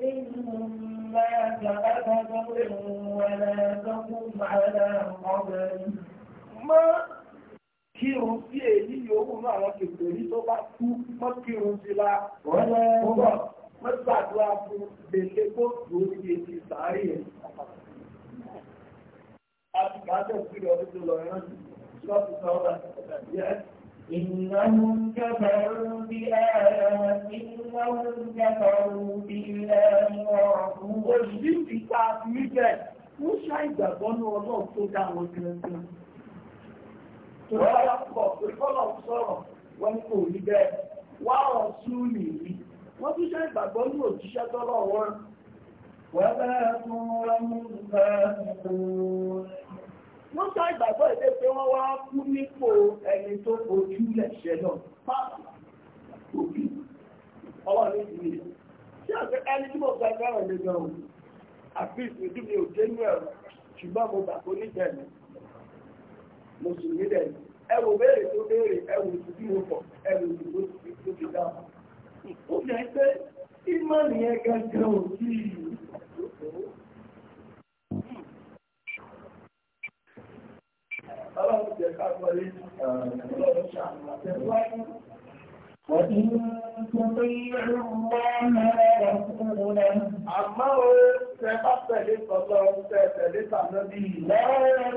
nínú الناس أبدا ولا تقم على قبره ما kírun sí èyí yòówù náà àwọn kèfèrè ní tó bá kú mọ́ kírun sí la ọ̀rọ̀ mọ́sàdúrà fún gbèsè kó lórí ètì sàárì ẹ̀. a ti bá tẹ̀sí ọdún tó lọ ẹ̀rọ ṣọ́ọ̀tù sọ́ọ̀dà yẹ́ إنهم كفروا بآياتنا وكفروا بالله ورسوله Òṣìṣẹ́ ti ta àfihì bẹ́ẹ̀, wọ́n ṣá ìgbàgbọ́ ní ọlọ́run tó dá àwọn gẹ̀ẹ́gẹ̀ẹ́. Tọ́lá pọ̀ pé kọ́lọ̀ sọ̀rọ̀ wọ́n ní kò rí bẹ́ẹ̀. Wá ọ̀ sún nìyí. Wọ́n tún ṣá ìgbàgbọ́ ní òjíṣẹ́ tọ́lọ̀ wọn. Wọ́n bẹ́ẹ̀ tún wọ́n mú ìgbà ẹ̀kọ́ wọ́n sọ ìgbàgbọ́ èdè pé wọ́n wá kú nípò ẹni tó ojú lẹ̀ṣẹ̀ náà pàápàá òbí ọwọ́ ní ìdílé ṣé ọ̀sẹ̀ ẹni tí mo gba ẹgbẹ́rún lè gan òun àfi ìsìnkú mi ò dé inú ẹ̀rọ ṣùgbọ́n mo gbà kó níbẹ̀ mi mo sì ní dẹ̀ ẹ wò béèrè tó béèrè ẹ wò tí tí mo pọ̀ ẹ wò tí mo ti dáhùn. ó yẹ pé ìmọ̀ nìyẹn gangan ò tíì ọlọ́run jẹ́ ká gbọ́ yé ọlọ́run وإن تطيعوا الله ورسوله أما تقبلت الله تقبلت النبي لا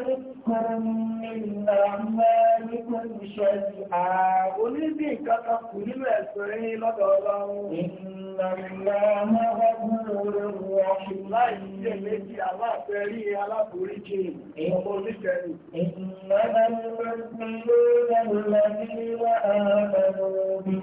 يذكر من أعمالكم شيئا ولدي كتقول الأسرين لدولهم إن الله غفور رحيم لا يجي الله سري على بريجي إنما المؤمنون الذين آمنوا به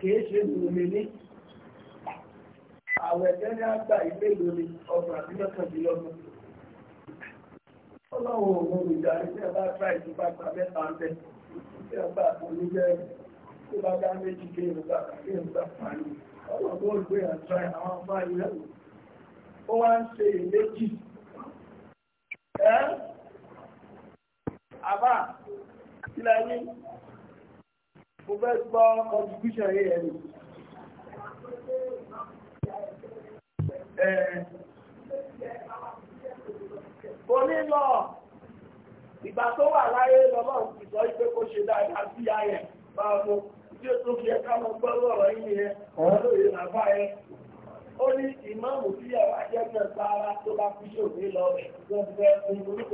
kìí ṣe lómi ní àwẹ̀ tẹ́lẹ̀ àgbà ilé lómi ọgbà àti mọ́kàndínlọ́gbọ̀n ọlọ́run òun ìdarí tí ẹ bá tra ìjọba gba mẹ́ta ń bẹ́ tí ẹ bá àtúnú jẹ́ tí bá dá méjì dé ìrùbá kí n gbà parí ọlọ́run olùgbé àtúrà àwọn afá ilẹ̀ ó wá ń ṣe ìléjì ẹ́ àbá sílẹ̀ yín mo fẹ́ gbọ́ contribution yìí ẹ̀rù onílọ̀ ìgbà tó wà láyé lọ́lọ́ ti sọ pé kó ṣe dáadáa sí ayẹ̀ bá mú tí ó tó fi ẹ̀ká mọ́ gbọ́ lọ́rọ̀ yìí yẹn ọ̀rọ̀ lóye làbá ẹ ó ní ìmáàmù tí ẹ̀rọ ajẹ́gbẹ̀ sára tó bá fi ṣe òní lọ wọ́n fẹ́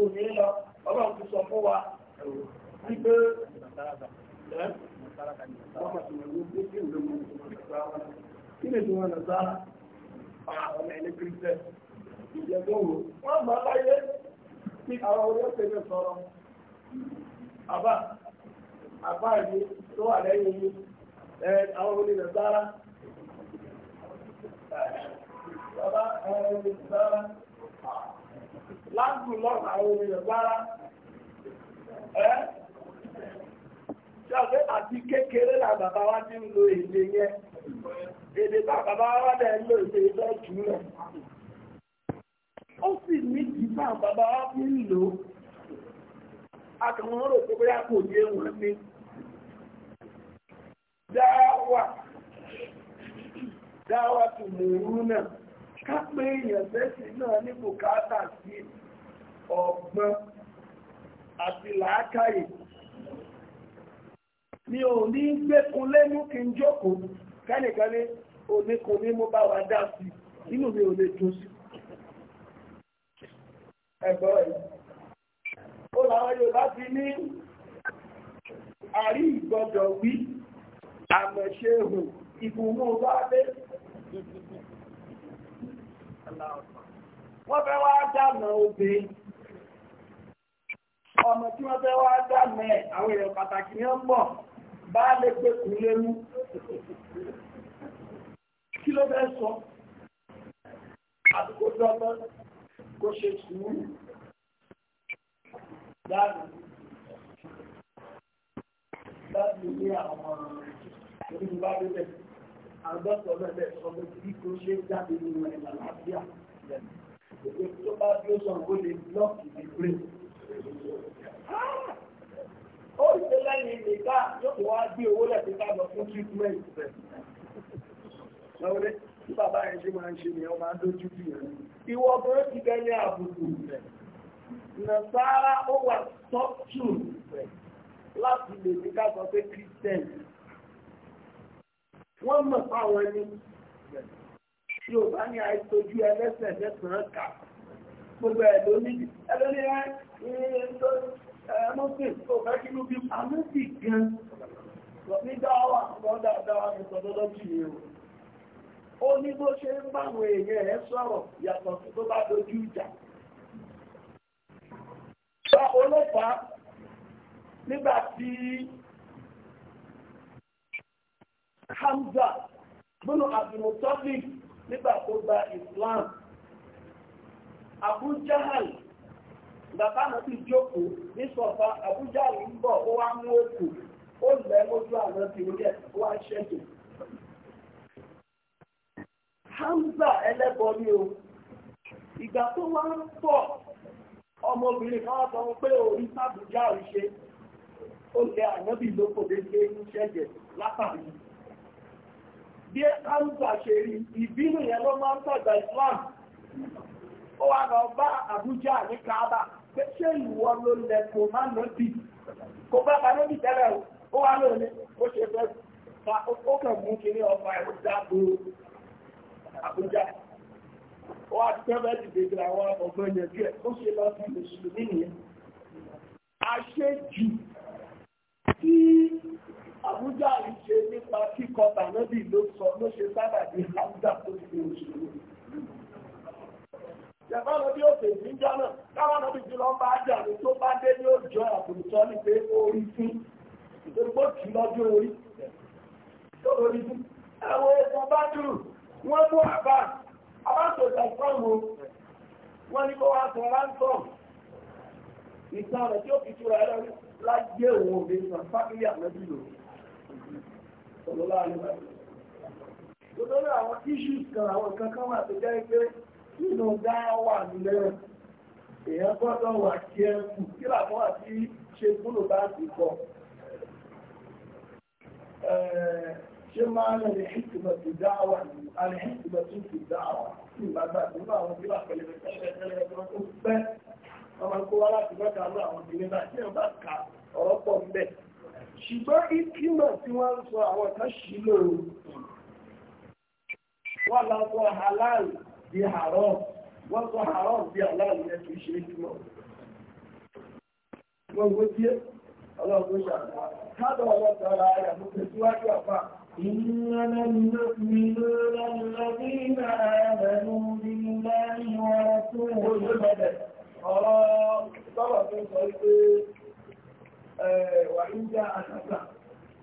òní lọ ọlọ́run ti sọ fún wa wípé kí ni tiwọn nà sára pa ọmọ ẹni kírísítẹ ìjẹgbọn wo wọn gbà láyé kí àwọn ọ̀rẹ́ tẹ́lẹ̀ sọ̀rọ̀ àbá àbá yìí tó wà lẹ́yìn yìí ẹ àwọn ọ̀rẹ́ nà sára bàbá ẹni nà sára lágùn lọ́nà àwọn ọ̀rẹ́ nà sára ẹ ṣàgbé àti kékeré là bàbá wa ti ń lo èdè yẹn èdè bá bàbá wa dẹ̀ ń lo èdè ìfẹ́ jù rẹ̀ ó sì ní ìgbà bàbá wa fi ń lò ó akàwọn rò pé bóyá kò yé wọn ní dáwà dáwà tó mòrú náà ká pé èèyàn mẹ́sì náà ní bùkátà sí ọgbọ́n àti làákàyè Ni ò ní gbẹ́kun lẹ́mú kí n jókòó kẹ́nìkanlé oníkun ní mo bá wa dá sí inú mi ò lè tó sí. ẹ̀gbọ́n rẹ̀ ó làwọn Yorùbá ti ní àrí ìgbọ́dọ̀ wí àmọ̀ṣe hù ìbùnú bá dé. Wọ́n fẹ́ wá dànà obìnrin ọmọ tí wọ́n fẹ́ wá dànà àwọn èèyàn pàtàkì ní ọ̀pọ̀ bá lè gbé kù lẹ́nu kí ló fẹ́ sọ àdúgbò dọ́gbọ́n kó ṣe sùúrù dáadáa láti ní àwọn onígbà bíbẹ̀ àgbẹ̀sọ̀ bẹ̀bẹ̀ sọ́dọ̀ tí kò ṣe jáde nínú ẹ̀lá lábíà lẹ́nu. Èdè tó bá bí ó sọ̀rọ̀ ó lè blọ́ọ̀kì ìgbé. lẹ́yìn nìkan yóò kó wá gbé owó lẹ̀ síta lọ fún treatment rẹ̀. lọ́wọ́dé tí bàbá yẹn ṣe máa ń ṣe nìyẹn máa ń dojú bí yẹn. ìwọ ọkùnrin ti bẹ ní àbùkù rẹ̀. nàṣàrà ó wà tọ́jú rẹ̀ láti lè ní ká sọ pé christian. wọ́n mọ̀ fáwọn ẹni yorùbá ní àìsójú ẹlẹ́sẹ̀ lẹ́sàn-án kà gbogbo ẹ̀ lónìí ẹ lónìí ẹ ní ẹni tó ń muslim tó fẹ́ kí ló bí amúsì gan ni o bó ṣe ń báwọn èèyàn ẹ̀ sọ̀rọ̀ yàtọ̀ tó bá dojú ìjà sọ olófàá nígbà tí Hamza nígbà tó Islam Abu bàbá náà ti jókòó ní sọ̀fà àbújá yìí ń bọ̀ ó wá mú òkú ó lẹ́ mójú àwọn ti Hamza ẹlẹ́bọ ni o ìgbà tó wá ń pọ̀ ọmọbìnrin kan sọ pé orí sábùjá rí ṣe ó lẹ ànábì lóko dédé ń ṣẹ̀jẹ̀ látàrí. Bí Hamza ṣe rí ìbínú yẹn ló máa ń tọ̀gbà Islam ó wá pé ṣé ìwọ ló lẹ kò má lọ bì kò bá ba lóbi tẹ́lẹ̀ o ó wá lò ní ó ṣe fẹ́ fa ó kàn mú kiri ọba ẹ̀rọ dáàbò Àbújá ó wá tẹ́ fẹ́ dìde ju àwọn ọ̀gbọ́n yẹn díẹ̀ ó ṣe lọ sí mùsùlùmí nìyẹn àṣejù tí Àbújá yìí ṣe nípa kíkọ tàbí ló sọ ló ṣe sábà di Hamza tó ti di mùsùlùmí ìjàmbá bí ó fè ní jọ́nà káwọn ọ̀nà bíi lọ bá jà ní tó bá dé ní òjò àbùrùtọ́ ní pé orí fún ìdókòwò jù lọ́jọ́ orí tó orí fún. Àwọn ẹ̀sán bá dùn wọ́n mú àbá abáṣọ̀jà sọ́ọ̀mù wọ́n ní kó wá sọ ráńtọ̀ ìtàn rẹ̀ tí ó fi túra ẹ̀rọ láyé òun òde sàn fábílì àmọ́jú lò. Sọ̀rọ̀ láàrin báyìí. Lọ́dọ̀ àwọn tíṣù kan àwọn kankan wà tó jẹ́ pé nínú dáwà náà èyàn gbọ́dọ̀ wà kí ẹ kù kí àti ṣe kúrò bá ti kọ ṣe máa ń rẹ̀ dáwà ní alẹ́hìntìmọ̀tì ti dáwà nínú àwọn wà tó ní àwọn ń ṣùgbọ́n ìkímọ̀ tí wọ́n ń sọ àwọn di haram wọ́n sọ haram bí aláàlú ẹ̀ ṣe ìtumọ̀ wọ́n wó díẹ̀ ọlọ́run ṣàtúnwá kádọ̀ ọlọ́tọ̀ọ̀lá ayà mú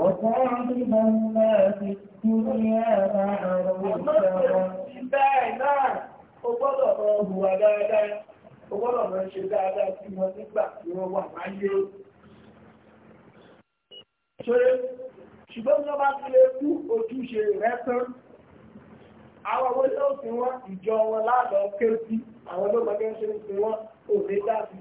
وصاحب الناس الدنيا معروفا bẹ́ẹ̀ ṣùgbọ́n ní ti lè kú ojúṣe rẹ̀ àwọn owó tó fi wọ́n ìjọ wọn láàlọ́ ké sí àwọn olóògbé ṣe ń fi wọ́n òde dàbí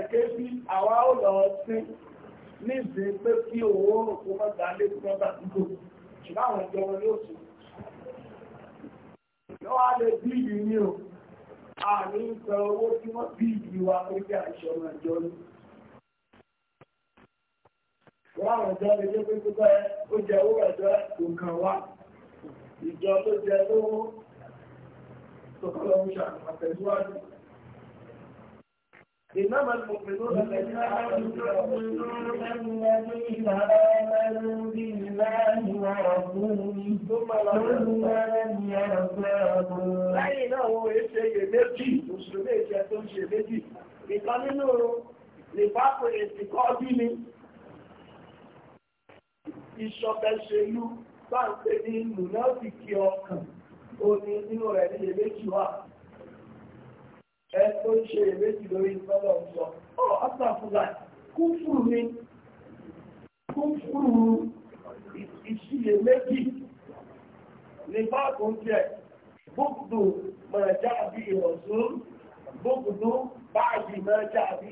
kẹ̀kẹ́ bí àwa ó lọ sí ní ìsìn pé kí owó òkú mọ́ta lé fún mọ́ta dúdú ṣùgbọ́n àwọn ìjọba ló sùn. Lọ́wọ́ á lè bí ìlú ní o, àní ń sọ owó tí wọ́n bí ìlú wa pé kí àìṣọ́ ọmọ ìjọ ní. Wọ́n àwọn ìjọ lè jẹ́ pé gbogbo ẹ ó jẹ owó ẹ̀jọ́ nǹkan wá. Ìjọ tó jẹ lówó tó kọ́ lọ́wọ́ ṣàkóso àtẹ̀síwájú. إنما المؤمنون الذين آمنوا بالله ورسوله ثم لم يرتابوا لأي نوع يشيء méjì mùsùlùmí ìṣẹ́ tó ń ṣe méjì ìkan nínú nìbápò ìsìnkọ́ bí ni ìṣọ̀bẹ̀ṣẹ̀lú bá ń pè ní lùnà òfìkì ọkàn òní nínú rẹ̀ ní èméjì wà ẹ tó ń ṣe ìrètí lórí ìfọ́lọ̀ ń sọ ọ́ ọ́sàfúnlá kúfùrù ni kúfùrù ìṣiyèméjì ní báàkù ń jẹ bókùdù máa já bí ìrọ̀sùn bókùdù báàgì máa já bí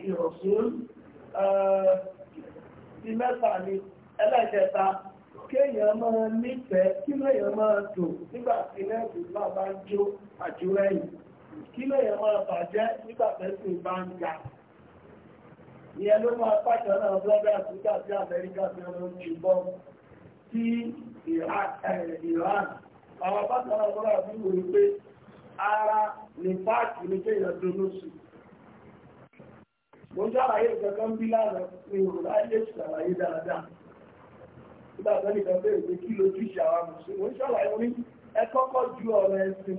ti mẹ́ta ni ẹlẹ́kẹta kéèyàn máa nífẹ̀ẹ́ kí lóyàn máa dùn nígbà tí lẹ́bùn bá bá jó àjúrẹ́yìn kí lè yẹ máa bàjẹ́ nígbà tẹ́sí bá ń ga ìyẹn ló máa pàṣẹ náà blọ́gà sígbà sí amẹ́ríkà tí wọ́n ń ju bọ́ sí Iran àwọn bákan náà wọ́n àbí wòye pé ara ní páàkì ní kéèyàn dolóṣù mo ń ṣàlàyé ìkankan bí lára ní òrùlá ilé ìṣàlàyé dáadáa nígbà tó nìkan bẹ̀rẹ̀ pé mo ń ṣàlàyé orí ẹ kọ́kọ́ ju ọ̀rọ̀ ẹ̀sìn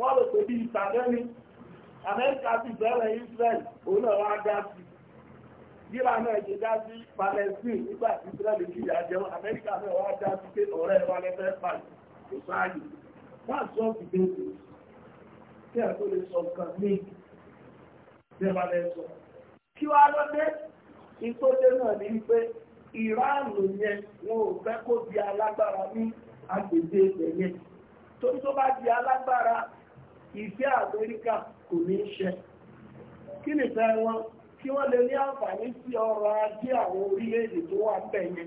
wọ́n rò pé bí ìtàgẹ́ni amẹ́ríkà ti bẹ̀rẹ̀ Israel òun náà wá dá sí yíra náà ṣe dá sí Palestine nígbà tí Israel kìyà jẹun amẹ́ríkà náà wá dá sí pé ọ̀rẹ́ wa lẹ́fẹ́ pàṣẹ kò sáàyè wọ́n sọ ìbéèrè kí ẹ̀ tó lè sọ nǹkan ní ìjọba lẹ́sọ kí wá lọ́dẹ́ ìtọ́jẹ́ náà ní pé ìránù yẹn wọn ò fẹ́ kó di alágbára ní agbègbè ibẹ̀ yẹn torí tó bá di alágbára ìfẹ́ Amẹ́ríkà kò ní ṣẹ kí nìfẹ́ wọn kí wọ́n lè ní àǹfààní sí ọrọ̀ ajé àwọn orílẹ̀-èdè tó wà bẹ̀yẹ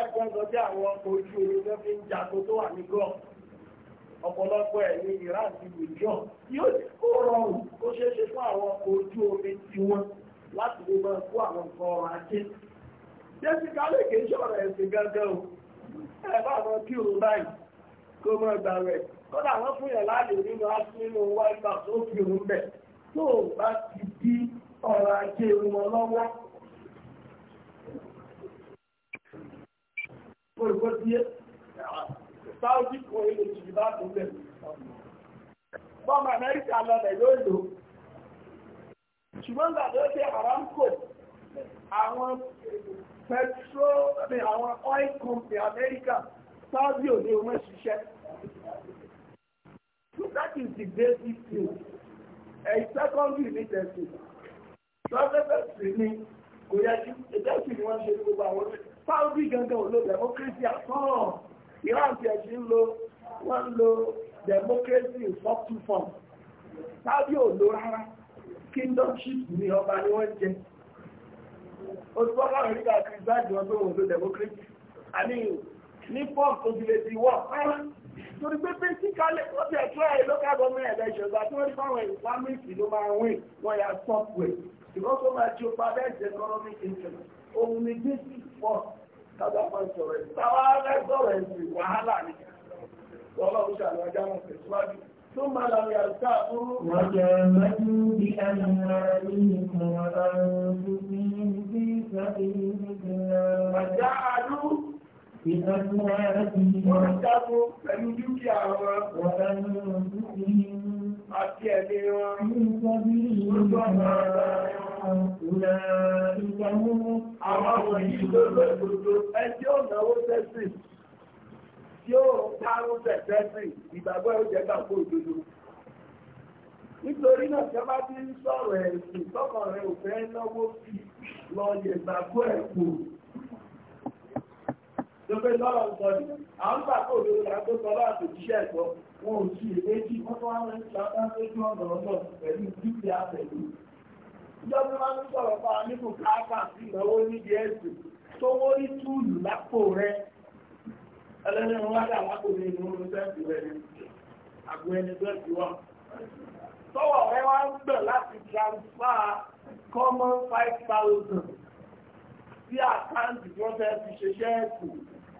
ẹgbẹ́ àwọn ọkọ̀ ojú omi tó ń jago tó wà ní ọ̀pọ̀lọpọ̀ ẹ̀ rọrùn kó fún àwọn ọkọ̀ ojú omi wọn láti lè máa kó àwọn nǹkan ajé jessica ẹ̀sìn gángan o àwọn kí òun báyìí kó gbà rẹ̀ kódà wọ́n fún yàn láàyè nínú nínú white house fi òun bẹ̀ tó bá ti dí ọ̀rọ̀ ajé wọn lọ́wọ́. Olùkọ́ ti tó ṣe Aramco àwọn petrol àwọn oil company Amẹ́ríkà Saudi òde òun ṣiṣẹ́. So that is the basic thing. A secondary ní tẹ̀sí. Sọ́fẹ́fẹ́sì ni kò yẹ kí ẹ̀dẹ́sì ni wọ́n ṣe ní gbogbo àwọn olóògbé. Saudi gangan ò lo democracy àtọ́ràn. Iran ti ẹ̀sìn ń lo wọ́n ń lo democracy in soft form. Saudi ò lo rárá. Kingdomship ni ọba ni wọ́n jẹ. Oṣù Bọ́lá Ríga Kìrìsìtáì wọn tó wọ́n lo democracy. Àní ní Pọ́ọ̀sì tó ti lè ti wọ̀ rárá torí pé basically wọ́n ti ẹ̀tọ́ ẹ̀ local government election gba tí wọ́n ti fáwọn ìfámìsì ló máa win wọ́n yà software because ó máa ju private economic interest òun ni basic force kájá máa sọ̀rọ̀ ẹ̀ táwa fẹ́ sọ̀rọ̀ ẹ̀ sí wàhálà ni ọlọ́run ṣàlùwà jáwọn tẹ̀síwájú tó máa lọ yà sá fún. wọ́n jẹ́ mẹ́tú bí ẹnu rẹ̀ nínú ọ̀rọ̀ ọ̀rọ̀ ọ̀rọ̀ Wọ́n dábò pẹ̀lú dúkìá wọn, wọ́n dábò dúkìá àti ẹ̀lẹ́ wọn, orúkọ ọmọ ìlà Nítorí náà tí a bá ti ń sọ̀rọ̀ ẹ̀sìn tọkàn rẹ̀ ò fẹ́ náwó lọ yẹ̀ gbàgbọ́ ẹ̀ lópe lọ́rọ̀ sọ ni àwọn gbà kó lórí àgbẹ̀ sọ lọ́wọ́ àtòjíṣẹ́ ẹ̀kọ́ wọn ò sí èméjì wọ́n tó wá ń sọ lójú ọ̀nà ọ̀nà pẹ̀lú dúkìá pẹ̀lú. ìjọba máa ń sọ̀rọ̀ fún aníkù káàkà sí ìnáwó níbi ẹ̀sìn tó wó ní túùlù lápò rẹ ẹlẹ́ni wọn wájà lápò ní inú oorun sẹ́ǹtì rẹ ni àgbo ẹni tó ti wà. tọ́wọ̀ rẹ wá ń gbẹ̀ láti transfer common five thousand sí àkáǹtì tí wọ́n fẹ́ fi ṣe ṣẹ́ẹ̀kù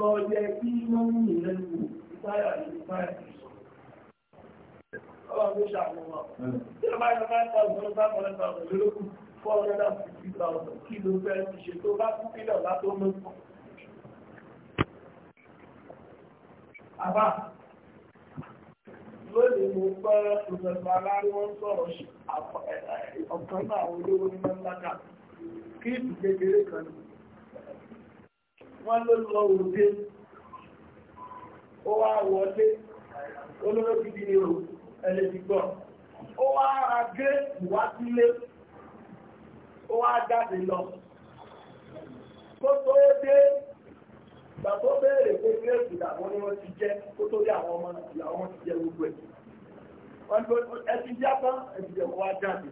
lọ yẹ kí mọ́mí rẹ̀ wò ìpáyà ní ìpáyà ìsọ̀. Ọlọ́run ló ṣàwọn Tí ó bá yọ 5,000, 5,000 lókùn, 450,000 kí ló fẹ́ ti ṣe tó bá kú pílọ̀ látó mọ́kàn. Àbá, lónìí mo gbọ́ ìrọ̀lọ́ aláwọ̀ sọ̀rọ̀ ọ̀kan náà olówó ní mọ́láka kí ìpù kékeré kan ní wọ́n ló lọ òde ó wá wọlé olóró gidi ni o ẹlẹ́dìgbọ́ ó wá ra gírèpù wá sílé ó wá jáde lọ kó tó dé ìgbà tó béèrè pé gírèpù làwọn ni wọ́n ti jẹ́ kó tó dé àwọn ọmọ làwọn ti jẹ gbogbo ẹ̀ wọ́n tó ẹtí jábọ́ ẹtí jẹ́ wọ́n wá jáde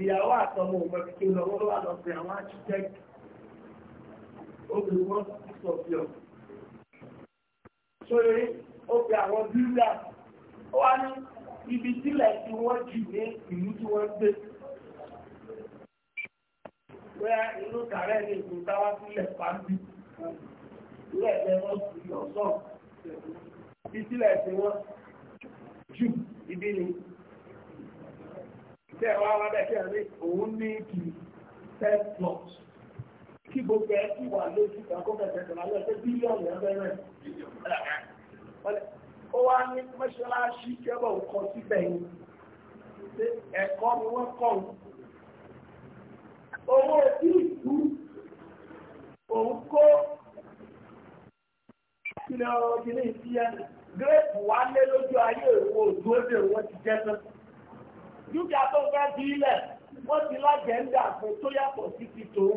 ìyàwó àtọmọ òun ẹ̀kí obìnrin wọn sọ sí ọ. sórí ó pe àwọn bíríà ó wá ní ibi sílẹ̀ tí wọ́n jù ní ìlú tí wọ́n gbé. bóyá inú kàrẹ́ ní ìlú táwa sílẹ̀ pàǹdì ilé ẹ̀jẹ̀ wọn sì lọ́sọ̀ ibi sílẹ̀ tí wọ́n jù ibi ni tẹ́ wá wá bẹ́ẹ̀ kí ẹ̀ ní òun ní kì í ten plots kí gbogbo ẹ ti wà lójú kan kó fẹsẹ̀ tẹ̀lé alẹ́ pé bílíọ̀nù ẹ bẹ̀rẹ̀. ó wá ní mọ́ṣáláṣí kẹ́bọ̀ kọ síbẹ̀ yìí ẹ̀kọ́ ni wọ́n kọ̀ ọ́. owó tí ìlú òun kó kílẹ̀ ọ̀rọ̀ kìíní sí ẹ gírèpù wá lé lójú ayé òwò òdòdó wọn ti jẹ́ tán. dúkìá tó ń fẹ́ bí ilẹ̀ wọ́n ti lájẹ̀ ń dà fún tó yàtọ̀ sí ti tòun.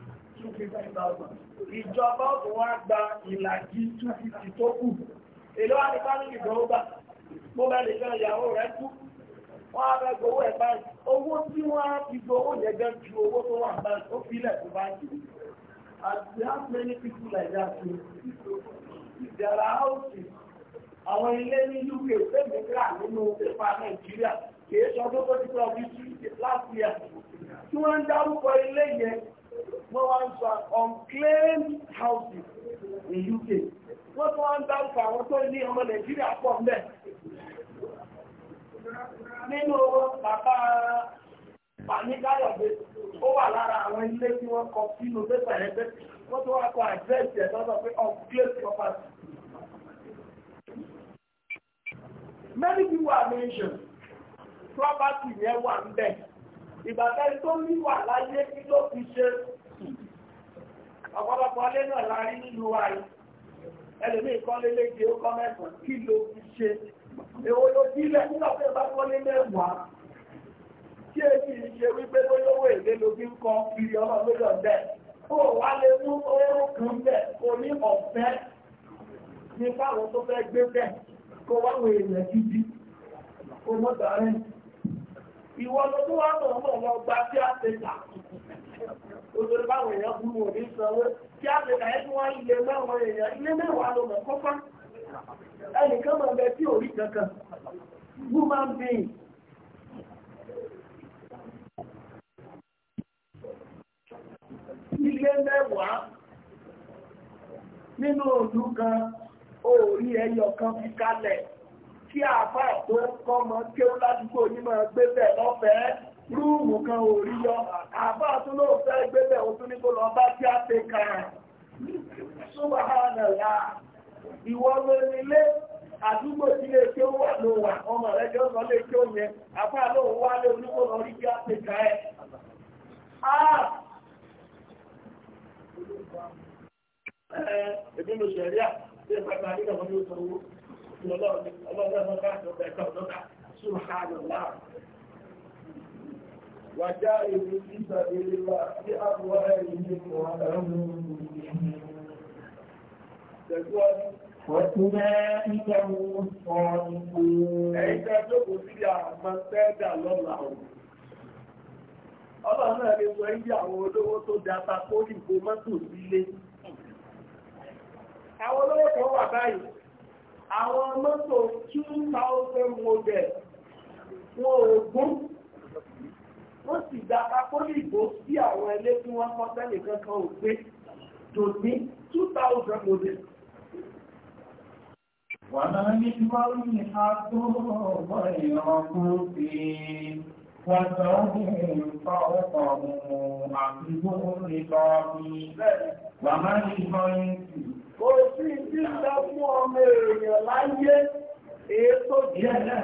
ìjọba ọ̀tún wá gba ìlàjì 250 tó kù èlò wá ní fámílì gbọ́gbà mo bẹ̀rẹ̀ ìjọ ìyàwó rẹ̀ kú wọ́n á bẹ́ gbowó ẹ̀ báyìí owó tí wọ́n á fi gbowó yẹn gẹ́ ju owó tó wà báyìí ó fi ilẹ̀ tó báyìí àti how many people like that too there are houses àwọn ilé ní UK fẹ́mi kíra nínú pépà Nàìjíríà kì í sọ tó tó ti pẹ́ ọdún sí láti yà tí wọ́n ń dárúkọ ilé yẹn wọ́n wá ń sọ unclaimed houses UK wọ́n tó wá ń dárúkọ ọmọ Nàìjíríà pọ̀ ń nínú bàbá pàmíkáyọ̀dé ó wà lára àwọn ilé tí wọ́n kọ sínú pépà ẹgbẹ́ wọ́n tó wá kọ àdírẹ́sì ẹ̀ lọ́dọ̀ pé property. many people are mentioned property yẹn wà ń bẹ̀. ìgbàtẹ́ tó níwà láyé kí ló fi ṣe ọ̀pọ̀lọpọ̀ alẹ́ náà láàrin nínú wa yìí ẹlòmí ìkọ́lé léje ó kọ́ mẹ́sàn kí ló fi ṣe èwo ló dílẹ̀ nígbà tó bá kọ́lé mẹ́wàá tí èyí ṣe wípé lólówó èlé ló fi ń kọ́ kiri ọmọ lójọ bẹ́ẹ̀ ó wá lè mú oorun kan bẹ́ẹ̀ kò ní ọ̀fẹ́ ní fáwọn tó fẹ́ gbé bẹ́ẹ̀ kó wá wo èèyàn ti. kó mọ́tò arẹ́yìn ìwọ ló tó wá náà mọ̀ lọ gba tí a ṣe tà òṣèré báwọn èèyàn burú wọn ní sanwó tí a ṣe tà ẹ́ tí ilé mẹ́wọ̀n èèyàn ilé mẹ́wàá ló mọ̀ kọ́kọ́ ẹnìkan mọ̀ bẹ tí ò rí kankan human being ilé mẹ́wàá nínú òdú kan ó ẹyọ kan fi kalẹ̀ kí àfà tó kọ́ mọ́ kéwú ládùúgbò yìí máa gbé bẹ̀ lọ́fẹ̀ẹ́ rúùmù kan ò rí yọ àfà tó ló fẹ́ gbé bẹ̀ ó tún ní kó lọ bá tí a ti kà á súnmọ́hánàlá ìwọ lónílé àdúgbò tí lè tí ó wà ló wà ọmọ rẹ̀ jọ sọ lè tí ó yẹ àfà ló wà lé onígbò lọ rí bí a ti kà ẹ́ ah! Ẹ̀ẹ́ ìdúnnù ṣẹ̀ríà tí ìpàtàkì náà wọ́n ló sọ owó. ọlọ́run bá jọba ẹ̀kọ́ ọ̀dọ́ta ṣùgbọ́n Wàjá ìlú ìsàdélé wa ní àbúwá ẹ̀yìn ní ọ̀rọ̀ ẹ̀rùn Tẹ̀síwájú. Ọ̀túnmẹ́ ìjẹun ọ̀rọ̀ ọrụ? Ẹ̀yíká tó kò sí àmọ́ tẹ́ẹ̀dà lọ́la àwọn mọ́tò 2000 model wọn ò gún wọ́n sì dá akọ́lé ìbò sí àwọn ilé tí wọ́n kọ́ tẹ́lẹ̀ kankan ò pé tòní 2000 model. وَمَا مِنْ مَرْءٍ حَقُّهُ غَيْرَ مُبِينٍ وَزَوْجٌ فَوْقَهُ عَقْلٌ لِطَاغِينَ وَمَا لِلْغَيْبِ kò sí ìdílé fún ọmọ èèyàn láyé èyí tó jẹ́ náà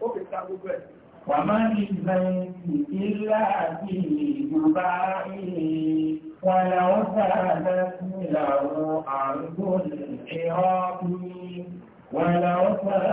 ó fi ká gbogbo ẹ̀. Wàmá ní ìgbẹ̀yìn ìlà àti ìjọba ìrìn wọn làwọn sáàdá sí ìlàwọ̀ àrùgbò ẹ̀họ́ ọkùnrin. Wọ́n làwọn sáàdá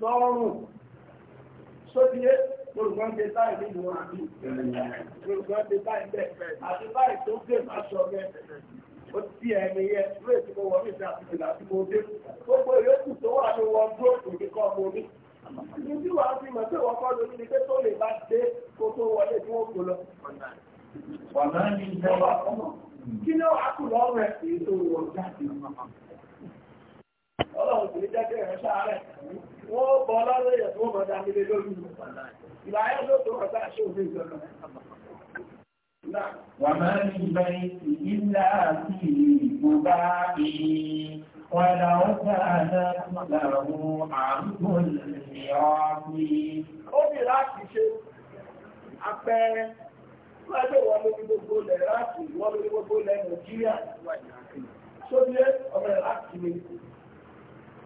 sọ́rùn sóbíyé olùgbọ́n ti táì ní ìlú àbí olùgbọ́n ti táì bẹ́ẹ̀ àti táì tó gbé máa sọ bẹ́ẹ̀ ó ti ẹni yẹ lóye tí mo wọ ní ìta àti ìlà tí mo dé gbogbo ìyókù tó wà ní wọn dúró kò ní kọ́ mo ní. ní tí wàá fi mọ̀ pé wọ́n kọ́ lórí ni pé tó lè bá dé kó tó wọlé tí wọ́n kò lọ. wàhálà ní ìjọba ọmọ kí ló wàá kù lọ́rùn rẹ̀ èyí tó wọ̀ jáde. ọlọ́run kò ní jẹ́ kí ẹ̀rọ sáà wọ́n bọ́ lọ́rọ̀ yẹ̀ tó bọ̀ dáa nílé lórí ìlàyé ló tó bọ̀ sáà ṣe òfin ìjọba. Wà máa ń gbẹ ìdílé àti ìgbòbá ìyí. Wàlá ó dáadáa láwọn àrùn ìrọ́bí.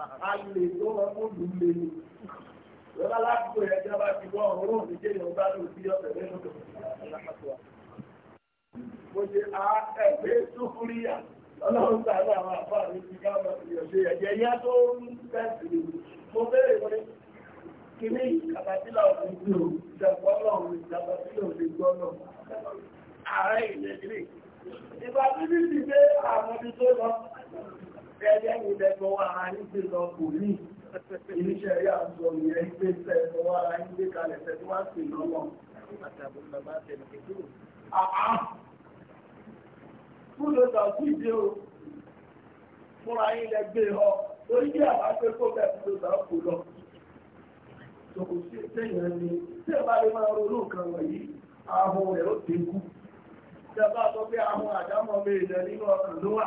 a lè tó wọn kó lù lè lò. Lọ́lá lágbo ẹ̀ tí a bá ti wọ́n òórùn ní jẹ́ ìyọ̀ bá lò sí ọ̀sẹ̀ lẹ́nu tó. Mo ṣe a ẹ̀gbẹ́ sókúríyà ọlọ́run sàánú àwọn àbá mi ti ká ọmọ ìyọ̀ ṣe ẹ̀jẹ̀ yá tó ń bẹ́ẹ̀sì lè mo bẹ́ẹ̀rẹ̀ pé kíní kàtàkìlà òfin bí o ìjàpọ̀ ọlọ́run ìjàpàkìlà òfin gbọ́ náà ààrẹ ìlẹ̀ ìlẹ̀ ìgbà tí bí ti gbé àwọn ibi tó lọ ẹgbẹ́ ìdẹ́gbọ́ ara ní pé lọ kò ní iléeṣẹ́ rí àjọ ìrẹ́ pé tẹ́ẹ̀kọ́ ara ní pé kalẹ̀ tẹ́ tó wá sí lọ́wọ́ Fúlọ́tà fídíò fúnra ilẹ̀ gbé ọ, torí bí àbájẹ́ kó bẹ̀ fúlọ́tà kò lọ. Tòkò sí ẹ̀yàn ni, tí ẹ bá lè máa ronú nǹkan wọ̀nyí, ahun rẹ̀ ó dínkù. Tẹ́ bá sọ pé ahun àdámọ́ mi ìdẹ̀ nínú ọkàn ló wà.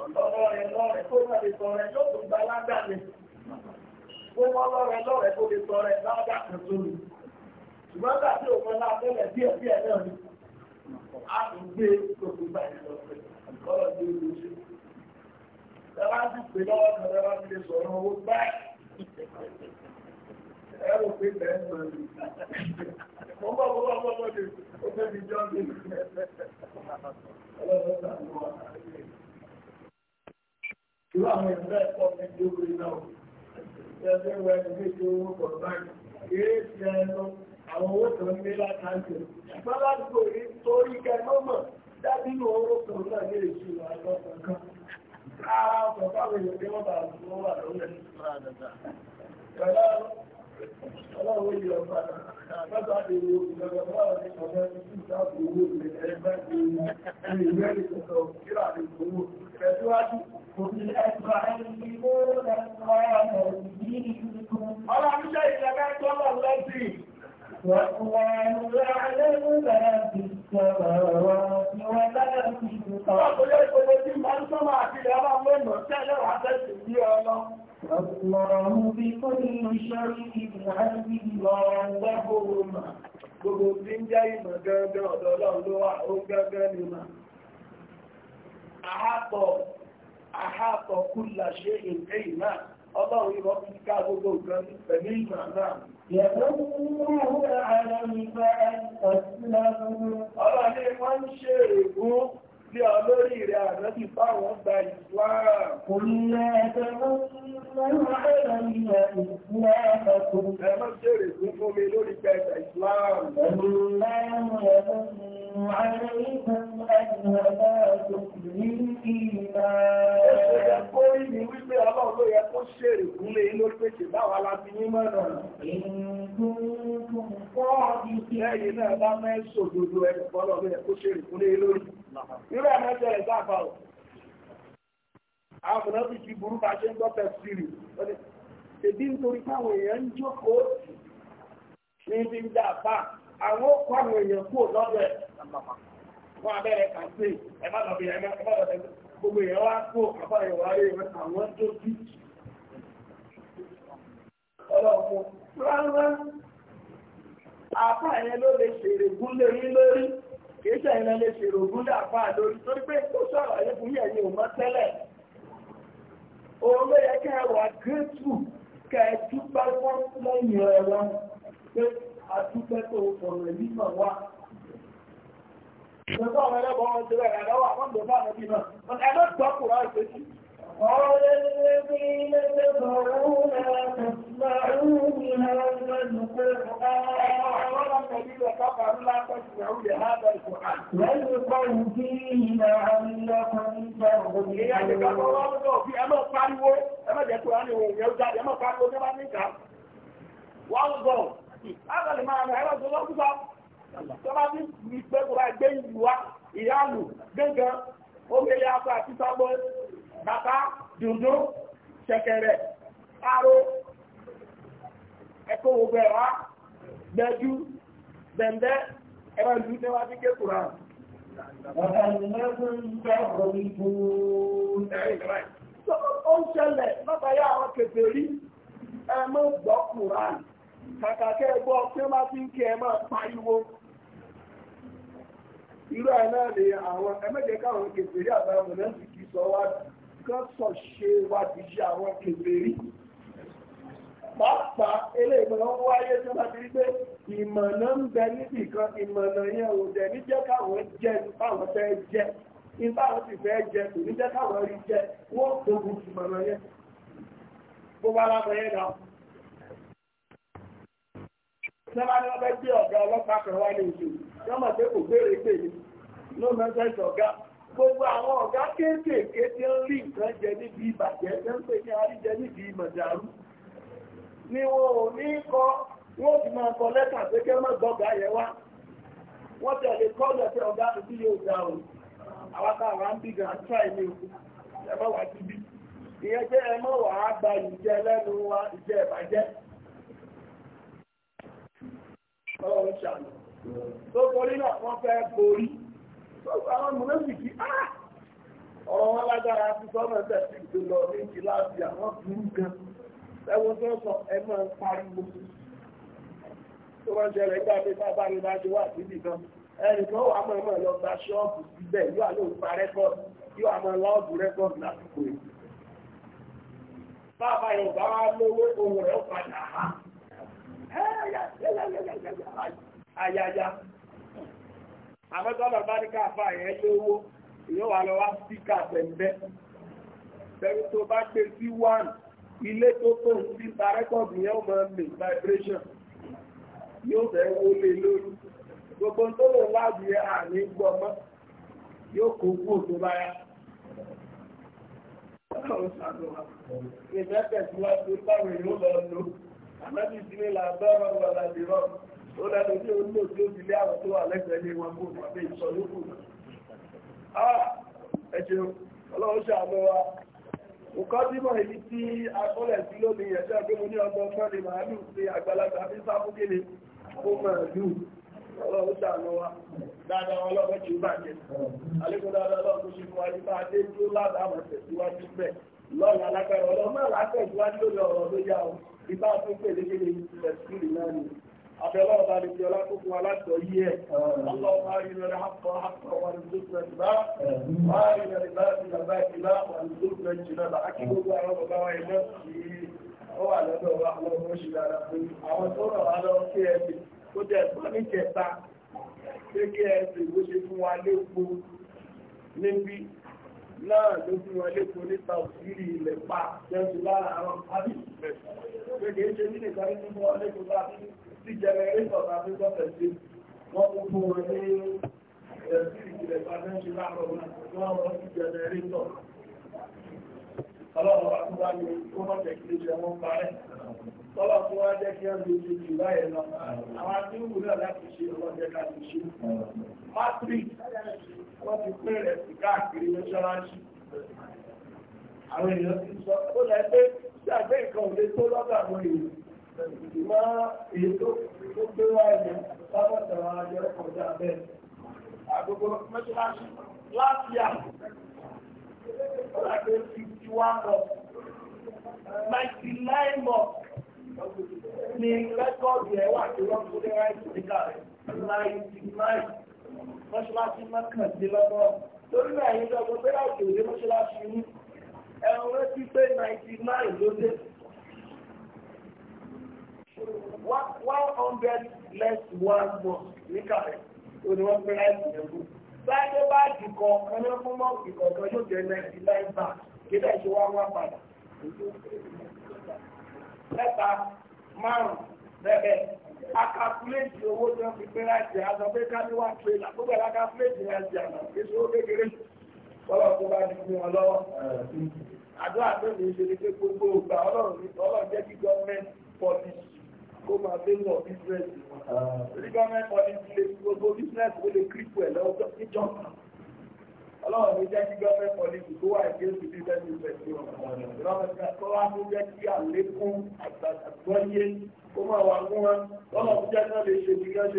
Ọlọ́rọ̀ rẹ̀ lọ́rẹ̀ tó bá lè sọ̀rẹ̀ yóò tún gba lágbàdì. Ó mọ́ A irú àwọn ẹ̀rọ ẹ̀kọ́ mi ní obìnrin náà ẹgbẹ́ ìwé ẹgbẹ́ tí ó wọ́pọ̀ báyìí eré ti ẹnu àwọn owó tó ń gbé látàkì bálàgbò rí torí kẹmọ́mọ̀ dábí ní owó tó ń náà ní èsì ìwà àgbọ̀kan kan rárá ọkọ̀ báwo ni wọ́n bá wà lórí ẹ̀ والله يعلم ما في السماوات وما في الأرض. الله بكل شيء عليم وهم gbogbo tí ń jẹ́ ìmọ̀ gẹ́gẹ́ ọ̀dọ̀ ọlọ́run ló wà ó gẹ́gẹ́ ni ma àhápọ̀ àhápọ̀ kú làṣẹ ìpé ìmá ọlọ́run ìwọ́n fi ká gbogbo nǹkan tí olórí rẹ̀ ànábì báwọn gba ìsìláàmù. Kò ní ẹgbẹ́ mọ́ Ẹ má ṣèrè fún fún mi lórí pẹ̀lú ìsìláàmù. Ẹ̀mí láàrín ẹ̀mọ́ ló yẹ kó ṣèrè gúnlé lórí pèsè báwa la fi yín mọ́nà lẹ́yìn náà bá mẹ́sọ̀ dodo ẹ̀rù bọ́lọ̀ ló yẹ kó ṣèrè gúnlé lórí irú ẹ̀ mẹ́sẹ̀ rẹ̀ sáfà o àwọn ọ̀nà fífi burú bá ṣe ń gbọ́ tẹ̀sírì tèbí nítorí táwọn èèyàn ń jókòó ní ibi ń dà bá àwọn òkú àwọn èèyàn kú lọ́dọ̀ ẹ̀ wọ́n abẹ́rẹ́ kàńtì gbogbo èèyàn wá kó àbá ìwà ayé rẹ̀ àwọn tó bí ọlọ́pọ̀ rárá àbá ìyẹn ló lè ṣèrè gúnlé rí lórí kìí ṣe ìyẹn lè ṣèrè gúnlé àbá lórí torí pé tó sọ̀rọ̀ ayé fún yẹ̀ yìí ò mọ́ tẹ́lẹ̀ òun ló yẹ kẹ́ wà gẹ́tù kẹ́ dúpẹ́ wọ́n lẹ́yìn rẹ̀ wọn pé àdúpẹ́ tó ọ̀rọ̀ yìí mọ̀ Ìjọba ọ̀rẹ́ lẹ́bọ̀ ọ̀rẹ́ ti rẹ̀ ẹ̀rọ tó lọ́gbùsọ̀. tọ́lá ti fi gbẹ́kùnrà gbé ìlú wa ìyáàlù gbẹ̀ngàn omele afọ àti sábọ́ bàtà dùndún ṣẹ̀kẹ̀rẹ̀ aró ẹ̀kọ́ gbogbo ẹ̀wá gbẹ̀jú bẹ̀ǹdẹ́ ẹ̀rọ ìlú tí wọ́n ti gbẹ́kùnrà. Ó ń ṣẹlẹ̀ látàrí àwọn kèfè rí ẹmọ́ gbọ́kùnrà kàkàkẹ́ gbọ́ tí wọ́n ti ń kí ẹmọ́ pariwo irú àìná lè àwọn ẹ̀mẹ́jẹ̀ káwọn kèfèrí àtàwọn mọ̀lẹ́sì kì í sọ wá kán sọ ṣe wá ti ṣe àwọn kèfèrí pàápàá eléèmọ̀ ń wáyé tí wọ́n ti rí pé ìmọ̀nà ń bẹ níbì kan ìmọ̀nà yẹn ò dẹ̀ ní jẹ́ káwọn jẹ́ báwọn fẹ́ jẹ́ nípa àwọn sì fẹ́ jẹ kò ní jẹ́ káwọn rí jẹ wọ́n gbogbo ìmọ̀nà yẹn gbogbo alábọ̀ yẹn náà sábà ní wọ́n fẹ́ gbé ọ̀gá ọlọ́pàá kan wá ní ìlú yọ́n mọ̀ kò gbogbo àwọn ọ̀gá kéékèèké tí ń rí nǹkan jẹ níbi ìbàjẹ́ tẹ́ ń pè ní àríjẹ níbi ìmọ̀dàrú ni wọn ò ní kọ wọn ò fi máa kọ lẹ́tà pé kẹ́ mọ́ gbọ́gà wá wọ́n ọ̀gá yóò o àwọn àwọn àbígà àtúrà ìní ẹ wá síbí ìyẹn jẹ́ ẹ wàá gba ọlọ́run ṣàmì tó torí náà wọ́n fẹ́ borí tó àwọn mọ̀lẹ́bí kí á ah! ọ̀rọ̀ wọn lágbára ti sọ́nà tẹ̀sí tó lọ ní kìláàsì àwọn burú gan ẹwọ́n tó sọ ẹ máa ń pariwo tó máa ń ṣẹlẹ̀ nígbà pé bàbá mi bá ṣe wà síbì kan ẹnì kan wà máa máa lọ gba ṣọ́ọ̀bù síbẹ̀ yóò àlọ́ òǹpa rẹ́kọ̀dù yóò àmọ́ lọ́ọ̀bù rẹ́kọ̀dù lásìkò yìí bàbá yóò bá wá lówó ohun rẹ̀ padà hàn ayaya àmọ́tọ́lọ̀ bá ní káàfà yẹn lówó ìyẹn wà lọ wá spíkà bẹ̀m̀bẹ́ bẹ́ẹ̀ tó bá gbé sí one ilé tó tó ń sí ta rẹ́kọ̀dù yẹn ó máa mè vibration yóò fẹ́ wọlé lórí gbogbo tó lò láàbù yẹn àní gbọ́ mọ́ yóò kó kú òtó bá yá. Ìfẹ́ tẹ̀síwájú báwo yóò lọ lò ànábì sí ní làbẹ́rọ̀ wà làbẹ́rọ̀ ó lẹ́nu tí ó lò tí ó fi lé àwọn tó wà lẹ́gbẹ̀ẹ́ ní wọn kó tàbí ìsọlókù náà ah, ẹ ṣeun ọlọ́run ṣàánú wa Òkọ́dímọ̀ èyí tí akọ́lẹ̀ sí lómi ẹ̀ṣẹ́ agbémú ní ọmọ ọmọdé màálù sí àgbàlagbà ní sáfúgélé fún màálù ọlọ́run ṣàánú wa dáadáa ọlọ́run jù bàjẹ́. Àlékún dáadáa ọlọ́run ṣe fún ayé bá dé tó ládàá mọ̀ tẹ̀síwájú bẹ́ẹ̀. Lọ́ọ̀lá alágbára ọlọ́run máa lágbẹ̀ẹ́ ìwájú lórí ọ̀rọ̀ ló yá o ìbá tó pè lé kéde tẹ̀síìrì náà ni abẹ́lẹ́ ọba ni ti ọlákòókò aláṣọ yí ẹ̀ ọlọ́ọ̀bá rí lọ́rẹ́ àpọ̀ àpọ̀ wà ní lóṣùlẹ̀ jìbá wà rí lọ́rẹ́ bá ti bàbá ìbá wà ní lóṣùlẹ̀ jìbá bá kí gbogbo àwọn bàbá wa náà kì í ó lọ́dọ̀ wa àwọn ọmọ oṣù dáadáa pé àwọn tó rọ̀ wá lọ sí ẹ̀sìn ó jẹ́ ẹ̀gbọ́n ní kẹta pé kí ẹ̀sìn bó ṣe fún wa lépo níbi náà ló fún wọn lẹ́kọ̀ọ́ nípa òsìrí ilẹ̀ pa jẹ́sù lára àwọn àbí gbèdé ṣe ní nìkan ní fún wọn lẹ́kọ̀ọ́ bá sí jẹnẹrétọ̀ tàbí sọ́fẹ̀ sí wọ́n kún fún wọn ní òsìrí ilẹ̀ pa jẹ́sù lára wọn wọ́n sí jẹnẹrétọ̀ ọlọ́run wa tó bá ní kó má jẹ́ kí ló jẹ wọ́n parẹ́ tọ́lọ̀ tó wá jẹ́ kí wọ́n lè jù báyìí lọ àwọn tí náà láti ṣe ọlọ́jẹ́ ká ti ṣe wọ́n ti pín rẹ̀ sí káàkiri mọ́ṣáláṣí. Àwọn èèyàn ti sọ ó lẹ́ pé sí àgbé nǹkan ò lè tó lọ́dọ̀ àwọn èèyàn. Ìgbìmọ̀ èyí tó gbé wá ẹ̀yẹ lábọ̀tẹ̀ wọn ajẹ́ ọjà bẹ́ẹ̀. Àgbogbo mọ́ṣáláṣí láti à ó lẹ́ pé fifty one mọ̀ ninety nine mọ̀ ni rẹ́kọ̀dì ẹ̀ wà tó lọ́kùnrin láìsí níkà rẹ̀ ninety nine mọ́ṣáláṣí mọ́kàndínlọ́gbọ̀n lórí náà yìí lọ́gbọ́n pé láti òde mọ́ṣáláṣí yìí ẹ̀rọ rántí pé ninety nine ló dé one hundred less one month níkàlẹ̀ ó ní wọ́n pé láti ẹ̀kú sáyé báàgì kọ̀ọ̀kan ní fún mọ́ọ̀kì kọ̀ọ̀kan yóò jẹ́ ninety nine bag kéde ẹ̀ṣẹ̀ wá wá padà mẹ́ta márùn-ún bẹ́ẹ̀ bẹ́ẹ̀ akakuléètì owó tó ń fi pé láti àzọ pé káníwá tírélà gbogbo ẹ̀rọ akakuléètì láti àná èso ó kékeré kọ́lọ̀ tó bá ní fún wọn lọ́wọ́. àdúrà tó ní ṣe ni pé gbogbo ògbà ọlọ́run jẹ́ kí gọ́ọ̀mẹ́ntì pọ̀lìsì kó máa fẹ́ lọ bísírẹ́sì wọn. gọ́ọ̀mẹ́ntì pọ̀lìsì lè gbogbo bísírẹ́sì ó lè kírípù ẹ̀ lọ́wọ́ ọlọ́run ló jẹ́ kí gọ́ọ̀mẹ́ pọ̀lìsì tó wà ní oṣù tí tẹ́lẹ̀ ìfẹ́ sí wọn. ìrọ̀mọ̀tì àkọ́ wa ló jẹ́ kí àlékún àgbàgbọ́yé kó máa wà fún wọn lọ́nà tó jẹ́ náà lè ṣe